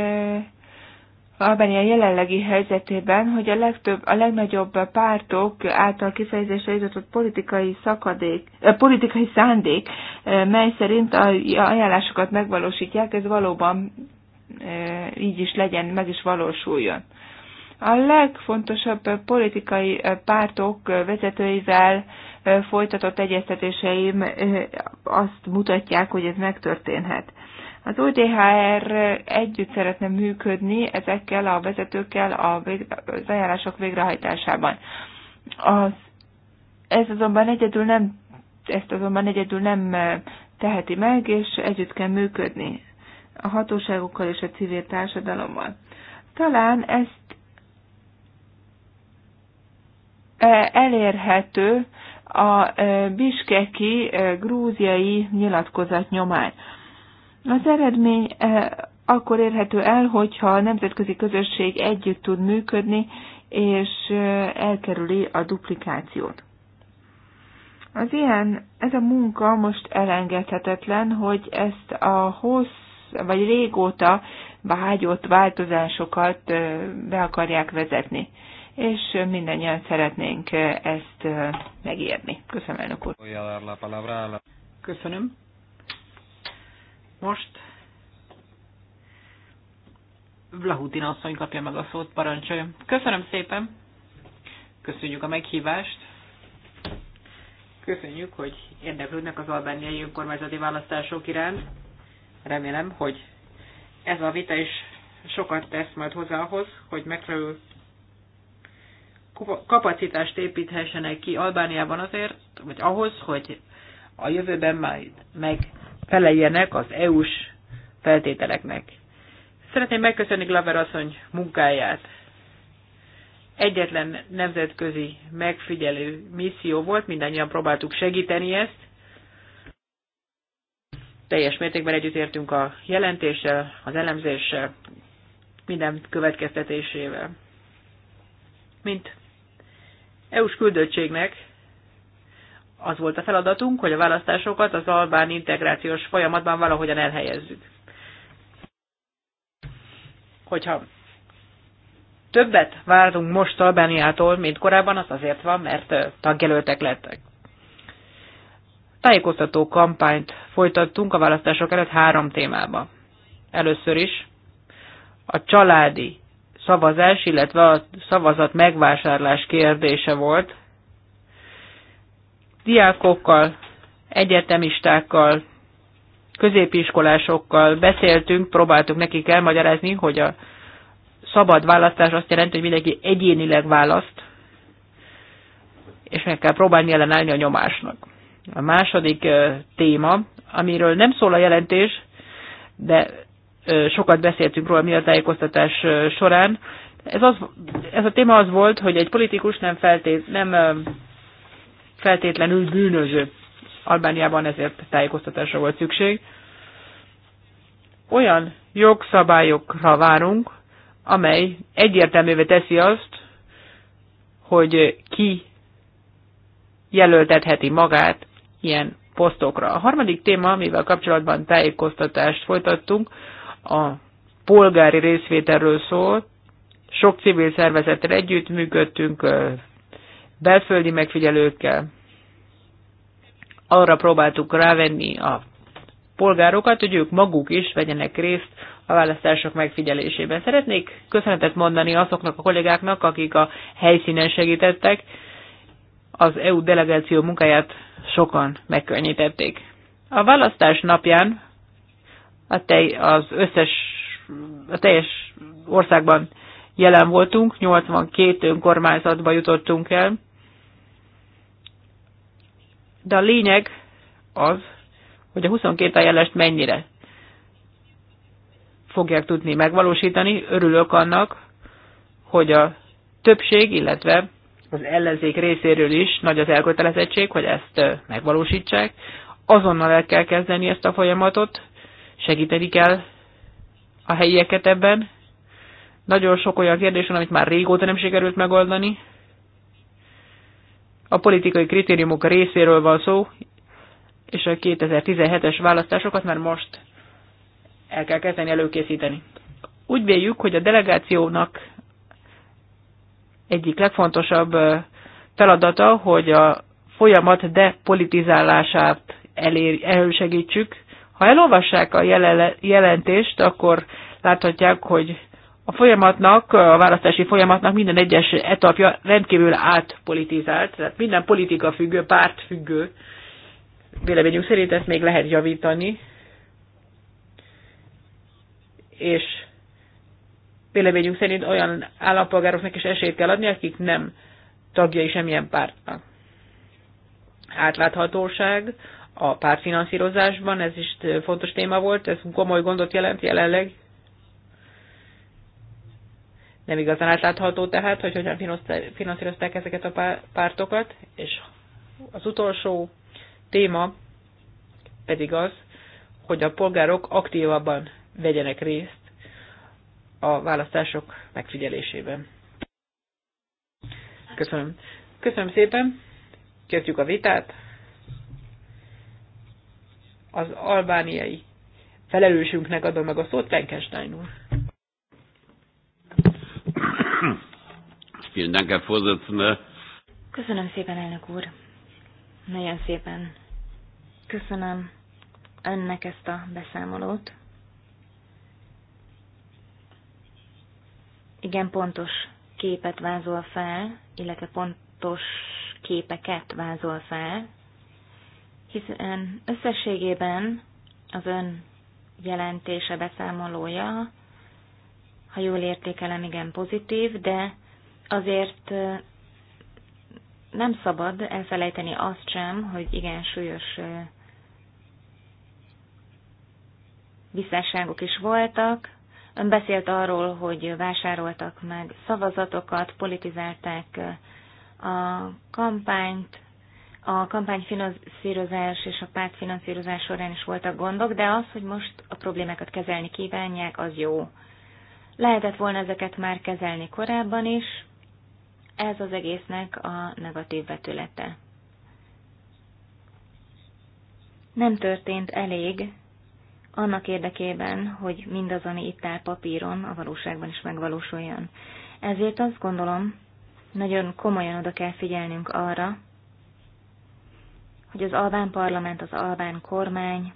Albánia jelenlegi helyzetében, hogy a, legtöbb, a legnagyobb pártok által kifejezésre jutott politikai szakadék, eh, politikai szándék, eh, mely szerint a ajánlásokat megvalósítják, ez valóban eh, így is legyen, meg is valósuljon. A legfontosabb politikai pártok vezetőivel folytatott egyeztetéseim azt mutatják, hogy ez megtörténhet. Az ODHR együtt szeretne működni ezekkel a vezetőkkel az ajánlások végrehajtásában. Az, ez azonban egyedül nem, ezt azonban egyedül nem e, teheti meg, és együtt kell működni a hatóságokkal és a civil társadalommal. Talán ezt e, elérhető a e, biskeki grúziai nyilatkozat nyomán. Az eredmény eh, akkor érhető el, hogyha a nemzetközi közösség együtt tud működni, és eh, elkerüli a duplikációt. Az ilyen, ez a munka most elengedhetetlen, hogy ezt a hossz, vagy régóta vágyott változásokat eh, be akarják vezetni. És mindannyian szeretnénk ezt megérni. Köszönöm, elnök úr. Köszönöm. Most Vlahutin asszony kapja meg a szót, parancsoljon. Köszönöm szépen! Köszönjük a meghívást! Köszönjük, hogy érdeklődnek az albániai önkormányzati választások iránt. Remélem, hogy ez a vita is sokat tesz majd hozzá ahhoz, hogy megfelelő kapacitást építhessenek ki Albániában azért, vagy ahhoz, hogy a jövőben majd meg feleljenek az EU-s feltételeknek. Szeretném megköszönni Glaver asszony munkáját. Egyetlen nemzetközi megfigyelő misszió volt, mindannyian próbáltuk segíteni ezt. Teljes mértékben együttértünk a jelentéssel, az elemzéssel, minden következtetésével. Mint EU-s küldöttségnek az volt a feladatunk, hogy a választásokat az albán integrációs folyamatban valahogyan elhelyezzük. Hogyha többet várunk most Albániától, mint korábban, az azért van, mert tagjelöltek lettek. Tájékoztató kampányt folytattunk a választások előtt három témába. Először is a családi szavazás, illetve a szavazat megvásárlás kérdése volt, diákokkal, egyetemistákkal, középiskolásokkal beszéltünk, próbáltuk nekik elmagyarázni, hogy a szabad választás azt jelenti, hogy mindenki egyénileg választ, és meg kell próbálni ellenállni a nyomásnak. A második téma, amiről nem szól a jelentés, de sokat beszéltünk róla mi a tájékoztatás során, ez, az, ez a téma az volt, hogy egy politikus nem feltét, nem feltétlenül bűnöző. Albániában ezért tájékoztatásra volt szükség. Olyan jogszabályokra várunk, amely egyértelművé teszi azt, hogy ki jelöltetheti magát ilyen posztokra. A harmadik téma, amivel kapcsolatban tájékoztatást folytattunk, a polgári részvételről szól. Sok civil szervezettel működtünk belföldi megfigyelőkkel. Arra próbáltuk rávenni a polgárokat, hogy ők maguk is vegyenek részt a választások megfigyelésében. Szeretnék köszönetet mondani azoknak a kollégáknak, akik a helyszínen segítettek, az EU delegáció munkáját sokan megkönnyítették. A választás napján a tej, az összes, a teljes országban jelen voltunk, 82 önkormányzatba jutottunk el, de a lényeg az, hogy a 22 ajánlást mennyire fogják tudni megvalósítani. Örülök annak, hogy a többség, illetve az ellenzék részéről is nagy az elkötelezettség, hogy ezt megvalósítsák. Azonnal el kell kezdeni ezt a folyamatot, segíteni kell a helyieket ebben. Nagyon sok olyan kérdés van, amit már régóta nem sikerült megoldani a politikai kritériumok részéről van szó, és a 2017-es választásokat már most el kell kezdeni előkészíteni. Úgy véljük, hogy a delegációnak egyik legfontosabb feladata, hogy a folyamat depolitizálását elér, elősegítsük. Ha elolvassák a jelentést, akkor láthatják, hogy a folyamatnak, a választási folyamatnak minden egyes etapja rendkívül átpolitizált, tehát minden politika függő, párt függő. Véleményünk szerint ezt még lehet javítani, és véleményünk szerint olyan állampolgároknak is esélyt kell adni, akik nem tagjai semmilyen pártnak. Átláthatóság a pártfinanszírozásban, ez is fontos téma volt, ez komoly gondot jelent jelenleg, nem igazán átlátható tehát, hogy hogyan finanszírozták ezeket a pártokat, és az utolsó téma pedig az, hogy a polgárok aktívabban vegyenek részt a választások megfigyelésében. Köszönöm. Köszönöm szépen. Kezdjük a vitát. Az albániai felelősünknek adom meg a szót, Lenkenstein úr. Vielen Dank, Herr Vorsitzender. Köszönöm szépen, elnök úr. Nagyon szépen köszönöm önnek ezt a beszámolót. Igen, pontos képet vázol fel, illetve pontos képeket vázol fel, hiszen összességében az ön jelentése, beszámolója, ha jól értékelem, igen pozitív, de azért nem szabad elfelejteni azt sem, hogy igen súlyos visszásságok is voltak. Ön beszélt arról, hogy vásároltak meg szavazatokat, politizálták a kampányt, a kampányfinanszírozás és a pártfinanszírozás során is voltak gondok, de az, hogy most a problémákat kezelni kívánják, az jó. Lehetett volna ezeket már kezelni korábban is, ez az egésznek a negatív vetülete. Nem történt elég annak érdekében, hogy mindaz, ami itt áll papíron, a valóságban is megvalósuljon. Ezért azt gondolom, nagyon komolyan oda kell figyelnünk arra, hogy az albán parlament, az albán kormány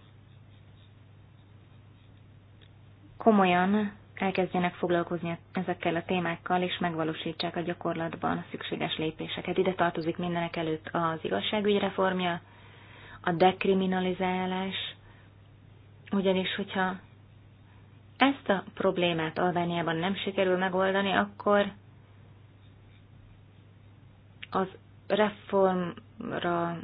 komolyan elkezdjenek foglalkozni ezekkel a témákkal, és megvalósítsák a gyakorlatban a szükséges lépéseket. Ide tartozik mindenek előtt az igazságügy reformja, a dekriminalizálás, ugyanis hogyha ezt a problémát Albániában nem sikerül megoldani, akkor az reformra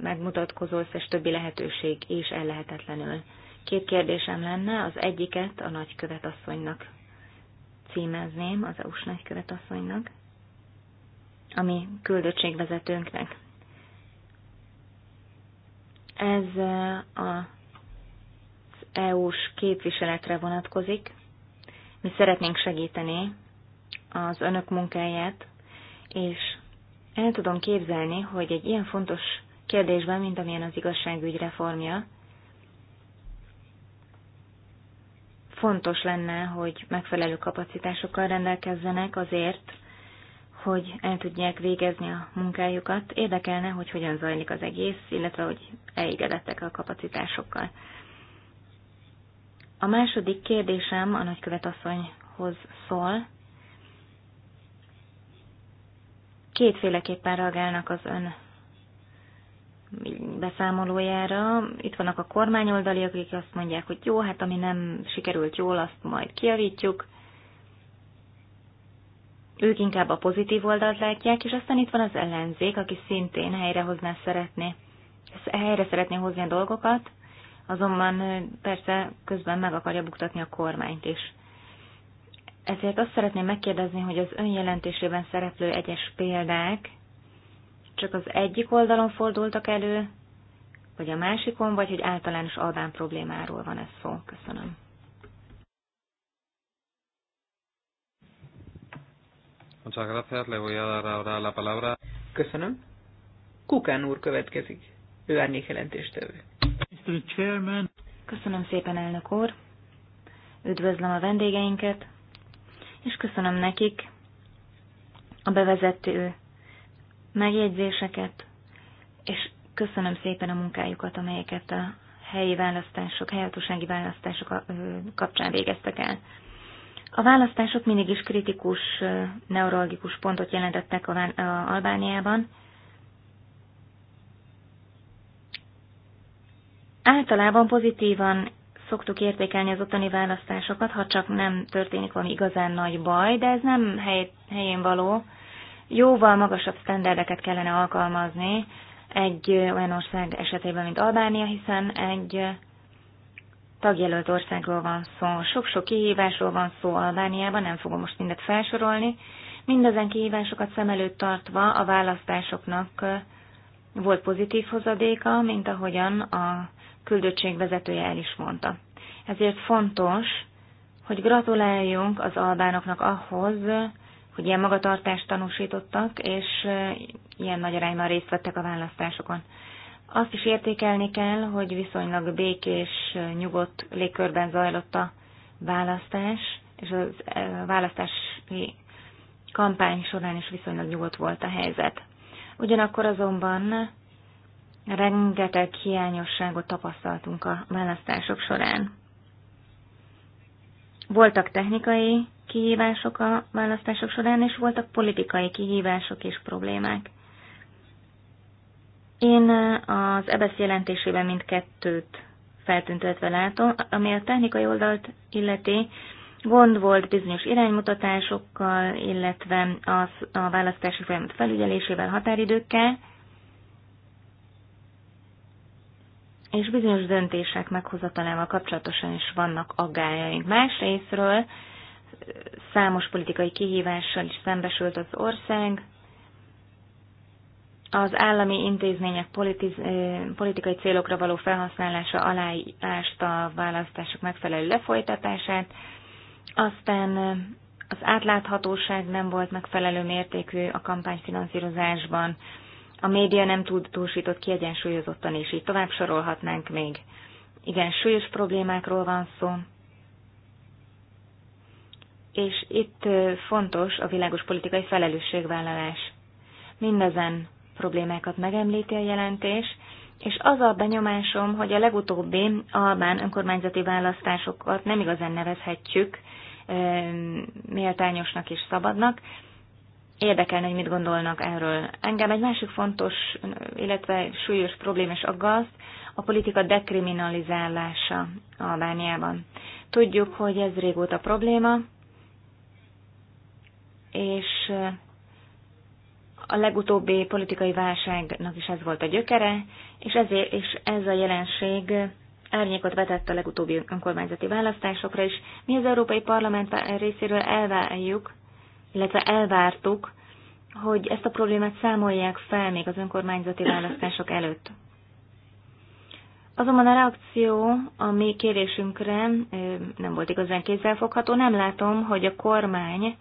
megmutatkozó összes többi lehetőség is ellehetetlenül. Két kérdésem lenne, az egyiket a nagykövetasszonynak címezném, az EU-s nagykövetasszonynak, ami küldöttségvezetőnknek. Ez e, az EU-s képviseletre vonatkozik. Mi szeretnénk segíteni az önök munkáját, és el tudom képzelni, hogy egy ilyen fontos kérdésben, mint amilyen az igazságügy reformja, fontos lenne, hogy megfelelő kapacitásokkal rendelkezzenek azért, hogy el tudják végezni a munkájukat. Érdekelne, hogy hogyan zajlik az egész, illetve hogy elégedettek a kapacitásokkal. A második kérdésem a nagykövetasszonyhoz szól. Kétféleképpen reagálnak az ön beszámolójára. Itt vannak a kormányoldaliak, akik azt mondják, hogy jó, hát ami nem sikerült jól, azt majd kiavítjuk. Ők inkább a pozitív oldalt látják, és aztán itt van az ellenzék, aki szintén helyrehozná szeretné, helyre szeretné hozni a dolgokat, azonban persze közben meg akarja buktatni a kormányt is. Ezért azt szeretném megkérdezni, hogy az önjelentésében szereplő egyes példák, csak az egyik oldalon fordultak elő, vagy a másikon, vagy hogy általános albán problémáról van ez szó. Köszönöm. Köszönöm. Kukán úr következik. Ő árnyék Mr. Chairman. Köszönöm szépen, elnök úr. Üdvözlöm a vendégeinket, és köszönöm nekik a bevezető megjegyzéseket, és köszönöm szépen a munkájukat, amelyeket a helyi választások, helyhatósági választások kapcsán végeztek el. A választások mindig is kritikus, neurologikus pontot jelentettek a, Albániában. Általában pozitívan szoktuk értékelni az ottani választásokat, ha csak nem történik valami igazán nagy baj, de ez nem helyén való, jóval magasabb sztenderdeket kellene alkalmazni egy olyan ország esetében, mint Albánia, hiszen egy tagjelölt országról van szó. Sok-sok kihívásról van szó Albániában, nem fogom most mindet felsorolni. Mindezen kihívásokat szem előtt tartva a választásoknak volt pozitív hozadéka, mint ahogyan a küldöttség vezetője el is mondta. Ezért fontos, hogy gratuláljunk az albánoknak ahhoz, hogy ilyen magatartást tanúsítottak, és ilyen nagy arányban részt vettek a választásokon. Azt is értékelni kell, hogy viszonylag békés, nyugodt légkörben zajlott a választás, és a választási kampány során is viszonylag nyugodt volt a helyzet. Ugyanakkor azonban rengeteg hiányosságot tapasztaltunk a választások során. Voltak technikai kihívások a választások során, és voltak politikai kihívások és problémák. Én az EBSZ e jelentésében mindkettőt feltüntetve látom, ami a technikai oldalt illeti, gond volt bizonyos iránymutatásokkal, illetve az, a választási folyamat felügyelésével, határidőkkel, és bizonyos döntések meghozatalával kapcsolatosan is vannak aggájaink. Másrésztről számos politikai kihívással is szembesült az ország. Az állami intézmények politiz, politikai célokra való felhasználása aláásta a választások megfelelő lefolytatását, aztán az átláthatóság nem volt megfelelő mértékű a kampányfinanszírozásban, a média nem túlsított kiegyensúlyozottan, és így tovább sorolhatnánk még. Igen, súlyos problémákról van szó, és itt fontos a világos politikai felelősségvállalás. Mindezen problémákat megemlíti a jelentés, és az a benyomásom, hogy a legutóbbi albán önkormányzati választásokat nem igazán nevezhetjük méltányosnak és szabadnak. Érdekelne, hogy mit gondolnak erről. Engem egy másik fontos, illetve súlyos problémás aggaszt, a politika dekriminalizálása Albániában. Tudjuk, hogy ez régóta probléma, és a legutóbbi politikai válságnak is ez volt a gyökere, és, ezért, és ez a jelenség árnyékot vetett a legutóbbi önkormányzati választásokra is. Mi az Európai Parlament részéről elvárjuk, illetve elvártuk, hogy ezt a problémát számolják fel még az önkormányzati választások előtt. Azonban a reakció a mi kérésünkre nem volt igazán kézzelfogható. Nem látom, hogy a kormány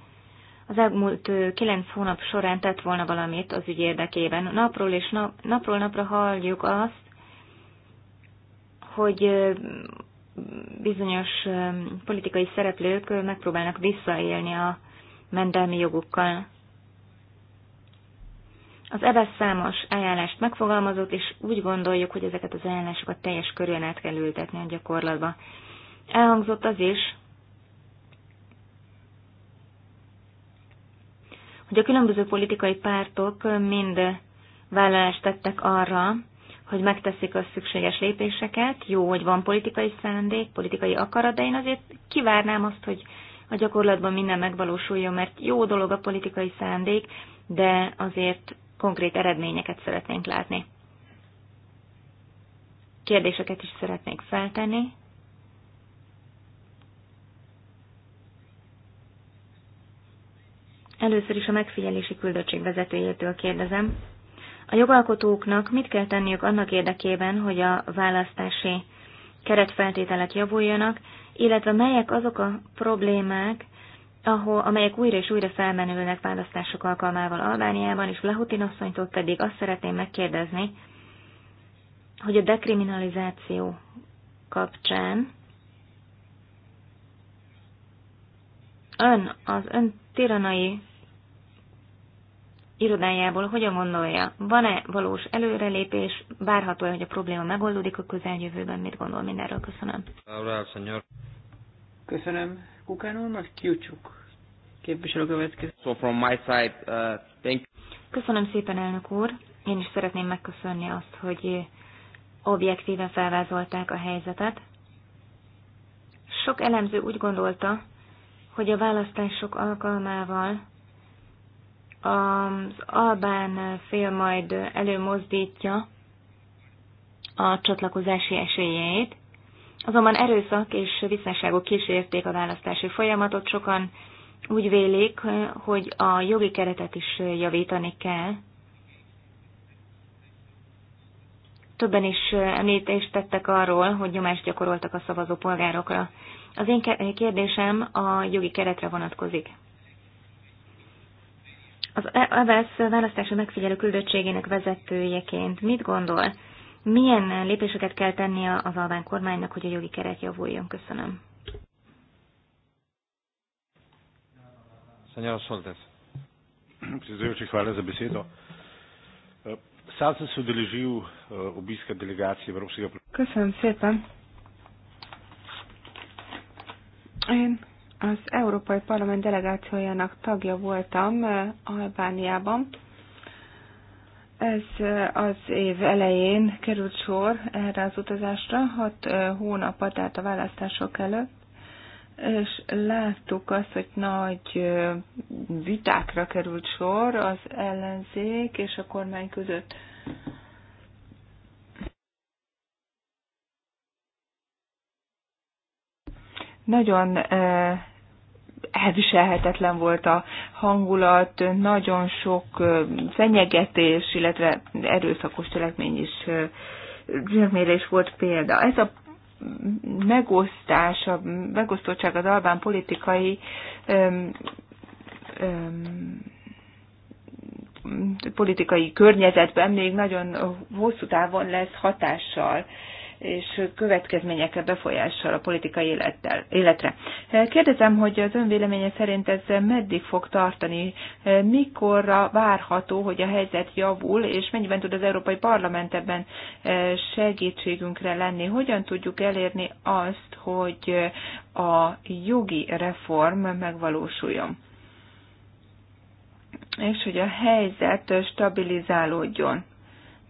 az elmúlt kilenc hónap során tett volna valamit az ügy érdekében. Napról és nap, napról napra halljuk azt, hogy bizonyos politikai szereplők megpróbálnak visszaélni a mendelmi jogukkal. Az EBSZ e számos ajánlást megfogalmazott, és úgy gondoljuk, hogy ezeket az ajánlásokat teljes körülön át kell ültetni a gyakorlatba. Elhangzott az is, hogy a különböző politikai pártok mind vállalást tettek arra, hogy megteszik a szükséges lépéseket. Jó, hogy van politikai szándék, politikai akarat, de én azért kivárnám azt, hogy a gyakorlatban minden megvalósuljon, mert jó dolog a politikai szándék, de azért konkrét eredményeket szeretnénk látni. Kérdéseket is szeretnék feltenni. Először is a megfigyelési küldöttség vezetőjétől kérdezem. A jogalkotóknak mit kell tenniük annak érdekében, hogy a választási keretfeltételek javuljanak, illetve melyek azok a problémák, ahol, amelyek újra és újra felmenülnek választások alkalmával Albániában, és Lehutin asszonytól pedig azt szeretném megkérdezni, hogy a dekriminalizáció kapcsán ön, az ön tiranai irodájából hogyan gondolja, van-e valós előrelépés, várható-e, hogy a probléma megoldódik a közeljövőben, mit gondol mindenről? Köszönöm. Köszönöm. Kukán úr, most kiucsuk. Képviselő következő. So from my side, uh, thank Köszönöm szépen, elnök úr. Én is szeretném megköszönni azt, hogy objektíven felvázolták a helyzetet. Sok elemző úgy gondolta, hogy a választások alkalmával az albán fél majd előmozdítja a csatlakozási esélyeit. Azonban erőszak és visszaságok kísérték a választási folyamatot, sokan úgy vélik, hogy a jogi keretet is javítani kell. Többen is említést tettek arról, hogy nyomást gyakoroltak a szavazó polgárokra. Az én kérdésem a jogi keretre vonatkozik. Az EBSZ választási megfigyelő küldöttségének vezetőjeként mit gondol? Milyen lépéseket kell tennie az albán kormánynak, hogy a jogi keret javuljon? Köszönöm. Senjora Soltes. Predsedujoči, hvala za besedo. Sam sem se udeležil eh, obiska delegácije Evropskega parlamenta. Köszönöm szépen. Én az Európai Parlament delegációjának tagja voltam eh, Albániában. Ez eh, az év elején került sor erre az utazásra, hat eh, hónap tehát a választások előtt, és láttuk azt, hogy nagy vitákra került sor az ellenzék és a kormány között. Nagyon elviselhetetlen volt a hangulat, nagyon sok fenyegetés, illetve erőszakos cselekmény is, cselekményre is volt példa. Ez a megosztás, a megosztottság az albán politikai öm, öm, politikai környezetben még nagyon hosszú távon lesz hatással és következményekkel, befolyással a politikai élettel, életre. Kérdezem, hogy az ön véleménye szerint ez meddig fog tartani, mikorra várható, hogy a helyzet javul, és mennyiben tud az Európai Parlament ebben e, segítségünkre lenni? Hogyan tudjuk elérni azt, hogy a jogi reform megvalósuljon? és hogy a helyzet stabilizálódjon.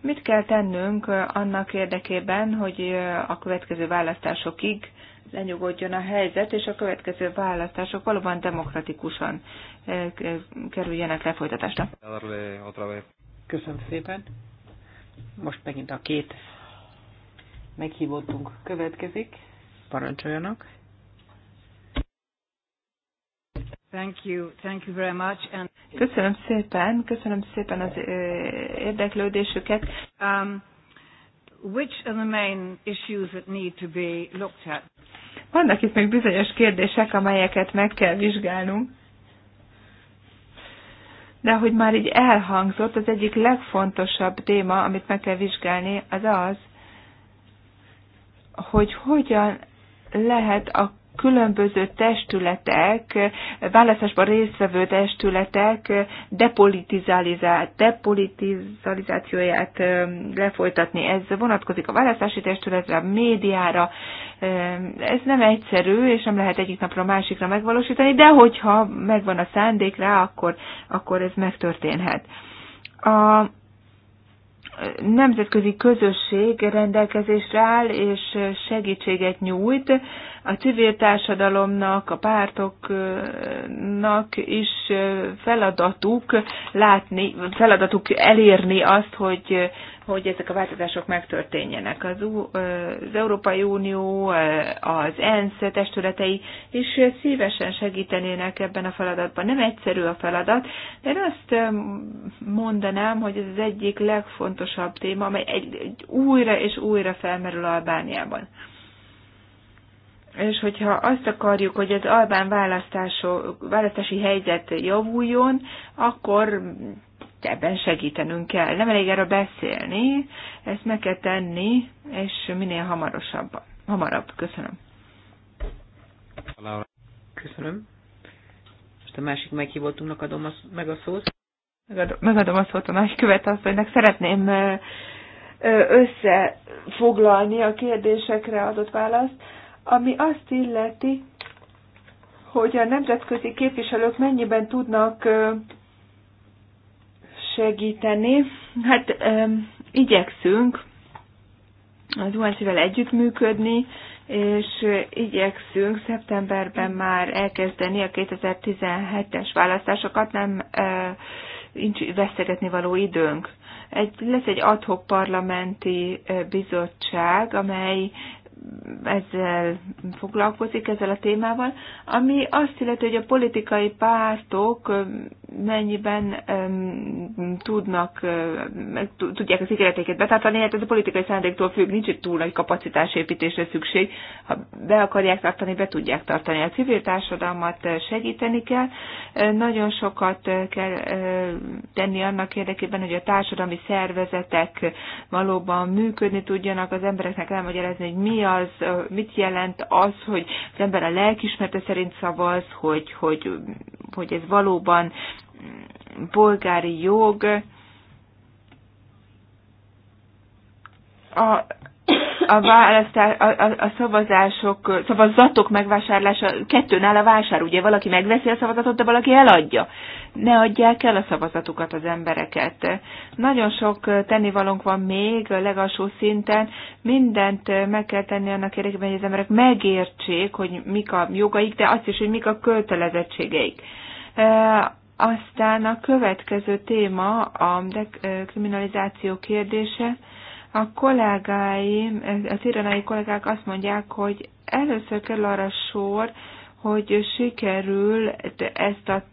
Mit kell tennünk annak érdekében, hogy a következő választásokig lenyugodjon a helyzet, és a következő választások valóban demokratikusan kerüljenek lefolytatásra? Köszönöm szépen. Most megint a két meghívottunk következik. Parancsoljanak. Thank you. Thank you very much. And köszönöm szépen, köszönöm szépen az érdeklődésüket. Um, which are the main issues that need to be looked at? Vannak itt még bizonyos kérdések, amelyeket meg kell vizsgálnunk. De ahogy már így elhangzott, az egyik legfontosabb téma, amit meg kell vizsgálni, az az, hogy hogyan lehet a különböző testületek, választásban résztvevő testületek depolitizációját lefolytatni. Ez vonatkozik a választási testületre, a médiára. Ez nem egyszerű, és nem lehet egyik napra a másikra megvalósítani, de hogyha megvan a szándék rá, akkor, akkor ez megtörténhet. A nemzetközi közösség rendelkezésre áll és segítséget nyújt a civil társadalomnak, a pártoknak is feladatuk látni, feladatuk elérni azt, hogy, hogy ezek a változások megtörténjenek. Az, U, az Európai Unió, az ENSZ testületei is szívesen segítenének ebben a feladatban. Nem egyszerű a feladat, de én azt mondanám, hogy ez az egyik legfontosabb téma, amely egy, egy újra és újra felmerül Albániában és hogyha azt akarjuk, hogy az albán választási helyzet javuljon, akkor ebben segítenünk kell. Nem elég erről beszélni, ezt meg kell tenni, és minél hamarosabb, hamarabb. Köszönöm. Köszönöm. Most a másik meghívottunknak adom az, meg a szót. Megadom, megadom a szót a másik követ hogy Szeretném összefoglalni a kérdésekre adott választ. Ami azt illeti, hogy a nemzetközi képviselők mennyiben tudnak segíteni, hát igyekszünk az UNC-vel együttműködni, és igyekszünk szeptemberben már elkezdeni a 2017-es választásokat, nem nincs veszegetni való időnk. Egy, lesz egy adhok parlamenti bizottság, amely ezzel foglalkozik, ezzel a témával, ami azt illeti, hogy a politikai pártok mennyiben um, tudnak, um, tudják az ígéreteiket betartani, hát ez a politikai szándéktól függ, nincs itt túl nagy kapacitásépítésre szükség. Ha be akarják tartani, be tudják tartani. A civil társadalmat segíteni kell, nagyon sokat kell tenni annak érdekében, hogy a társadalmi szervezetek valóban működni tudjanak, az embereknek elmagyarázni, hogy mi az, mit jelent az, hogy az ember a lelkismerte szerint szavaz, hogy, hogy, hogy ez valóban polgári jog, a, a, választás, a, a, a szavazások, szavazatok megvásárlása, kettőnál a vásár, ugye valaki megveszi a szavazatot, de valaki eladja. Ne adják el a szavazatukat az embereket. Nagyon sok tennivalónk van még legalsó szinten. Mindent meg kell tenni annak érdekében, hogy az emberek megértsék, hogy mik a jogaik, de azt is, hogy mik a kötelezettségeik aztán a következő téma a dekriminalizáció kérdése. A kollégáim, a szirenai kollégák azt mondják, hogy először kell arra sor, hogy sikerül ezt a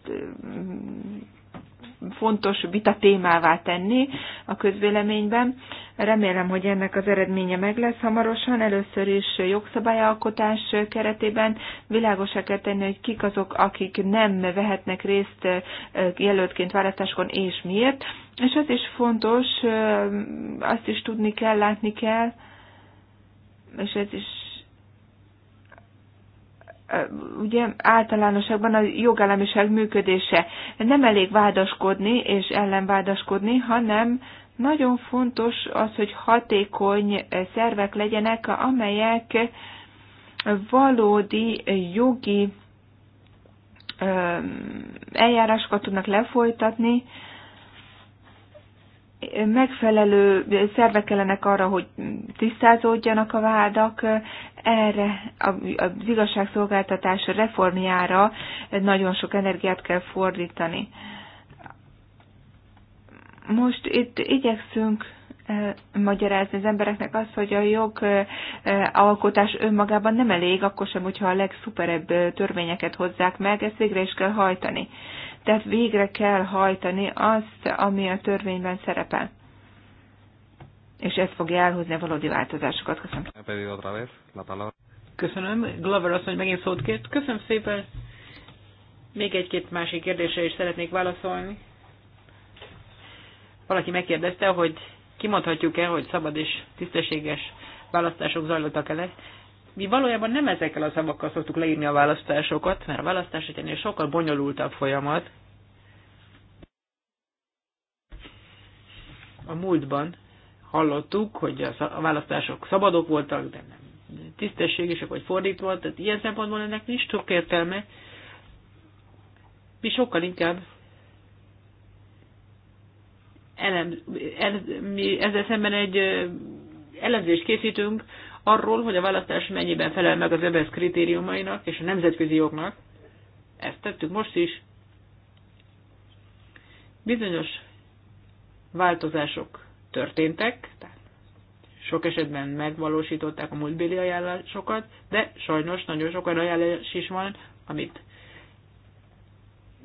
fontos vita témává tenni a közvéleményben. Remélem, hogy ennek az eredménye meg lesz hamarosan. Először is jogszabályalkotás keretében világosá kell tenni, hogy kik azok, akik nem vehetnek részt eh, jelöltként választáskon, és miért. És az is fontos, eh, azt is tudni kell, látni kell, és ez is ugye általánosakban a jogállamiság működése. Nem elég vádaskodni és ellenvádaskodni, hanem nagyon fontos az, hogy hatékony szervek legyenek, amelyek valódi jogi eljárásokat tudnak lefolytatni, megfelelő szervek kellenek arra, hogy tisztázódjanak a vádak, erre az igazságszolgáltatás reformjára nagyon sok energiát kell fordítani. Most itt igyekszünk eh, magyarázni az embereknek azt, hogy a jogalkotás eh, önmagában nem elég, akkor sem, hogyha a legszuperebb eh, törvényeket hozzák meg, ezt végre is kell hajtani tehát végre kell hajtani azt, ami a törvényben szerepel. És ez fogja elhozni a valódi változásokat. Köszönöm. Köszönöm. Glover azt, hogy megint szót kért. Köszönöm szépen. Még egy-két másik kérdésre is szeretnék válaszolni. Valaki megkérdezte, hogy kimondhatjuk-e, hogy szabad és tisztességes választások zajlottak-e le. Mi valójában nem ezekkel a szavakkal szoktuk leírni a választásokat, mert a választás egy ennél sokkal bonyolultabb folyamat. A múltban hallottuk, hogy a választások szabadok voltak, de nem tisztességesek, vagy fordítva, tehát ilyen szempontból ennek nincs sok értelme. Mi sokkal inkább elem, el, mi ezzel szemben egy elemzést készítünk arról, hogy a választás mennyiben felel meg az EBSZ kritériumainak és a nemzetközi jognak. Ezt tettük most is. Bizonyos változások történtek, tehát sok esetben megvalósították a múltbéli ajánlásokat, de sajnos nagyon sok olyan ajánlás is van, amit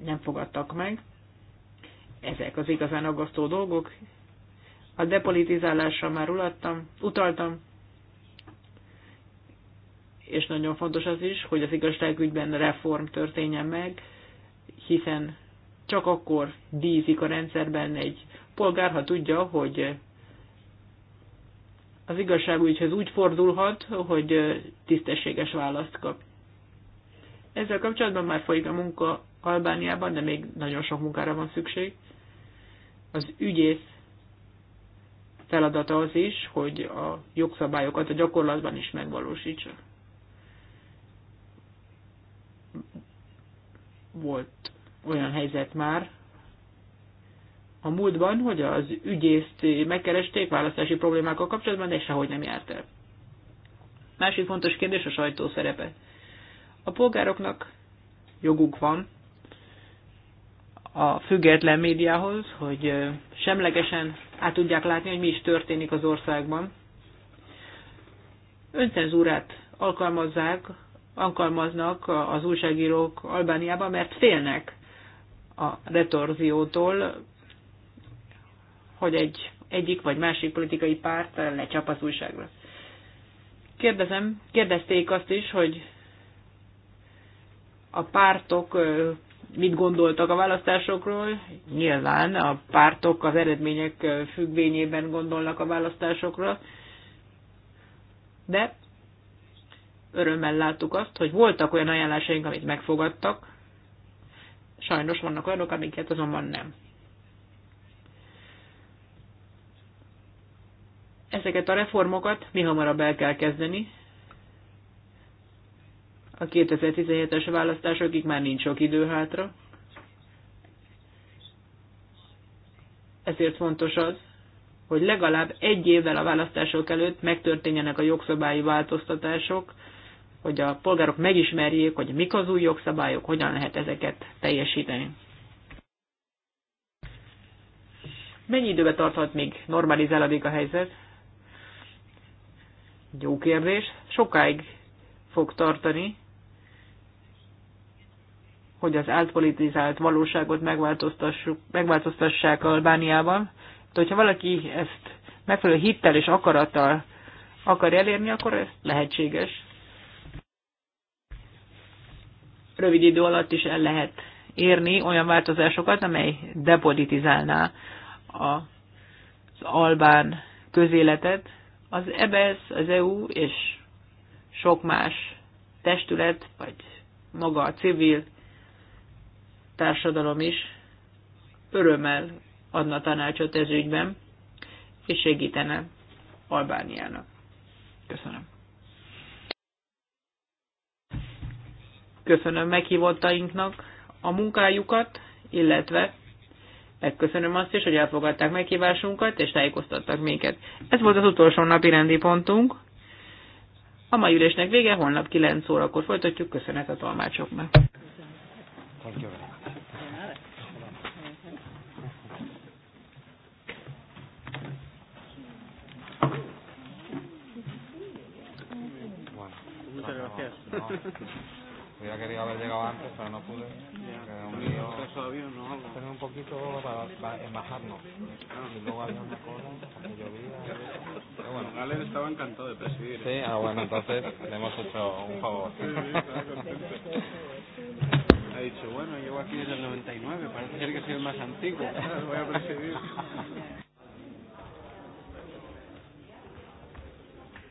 nem fogadtak meg. Ezek az igazán aggasztó dolgok. A depolitizálásra már ulattam, utaltam, és nagyon fontos az is, hogy az igazságügyben reform történjen meg, hiszen csak akkor dízik a rendszerben egy polgár, ha tudja, hogy az igazságügyhez úgy fordulhat, hogy tisztességes választ kap. Ezzel kapcsolatban már folyik a munka Albániában, de még nagyon sok munkára van szükség. Az ügyész feladata az is, hogy a jogszabályokat a gyakorlatban is megvalósítsa. Volt olyan helyzet már a múltban, hogy az ügyészt megkeresték választási problémákkal kapcsolatban, de sehogy nem járt el. Másik fontos kérdés a sajtó szerepe. A polgároknak joguk van a független médiához, hogy semlegesen át tudják látni, hogy mi is történik az országban. Öncenzúrát alkalmazzák alkalmaznak az újságírók Albániában, mert félnek a retorziótól, hogy egy egyik vagy másik politikai párt lecsap az újságra. Kérdezem, kérdezték azt is, hogy a pártok mit gondoltak a választásokról. Nyilván a pártok az eredmények függvényében gondolnak a választásokra, de örömmel láttuk azt, hogy voltak olyan ajánlásaink, amit megfogadtak, sajnos vannak olyanok, amiket azonban nem. Ezeket a reformokat mi hamarabb el kell kezdeni. A 2017-es választásokig már nincs sok idő hátra. Ezért fontos az, hogy legalább egy évvel a választások előtt megtörténjenek a jogszabályi változtatások, hogy a polgárok megismerjék, hogy mik az új jogszabályok, hogyan lehet ezeket teljesíteni. Mennyi időbe tarthat, még normalizálódik a helyzet? Jó kérdés. Sokáig fog tartani, hogy az átpolitizált valóságot megváltoztassuk, megváltoztassák Albániában. De hogyha valaki ezt megfelelő hittel és akarattal akar elérni, akkor ez lehetséges rövid idő alatt is el lehet érni olyan változásokat, amely depolitizálná az albán közéletet. Az EBS, e az EU és sok más testület, vagy maga a civil társadalom is örömmel adna tanácsot ez ügyben, és segítene Albániának. Köszönöm. Köszönöm meghívottainknak a munkájukat, illetve megköszönöm azt is, hogy elfogadták meghívásunkat, és tájékoztattak minket. Ez volt az utolsó napi rendi pontunk. A mai ülésnek vége, holnap 9 órakor folytatjuk. Köszönet a tolmácsoknak. Thank you. Hubiera querido haber llegado antes, pero no pude. Yeah. Un lío, avión Tener un poquito para, para embajarnos. Y luego había una cosa que llovía. Pero bueno. Galen estaba encantado de presidir. Sí, ¿eh? ah, bueno, entonces le hemos hecho un favor. Sí, sí, ha dicho, bueno, llevo aquí desde el 99, parece ser que soy el más antiguo. Voy a presidir.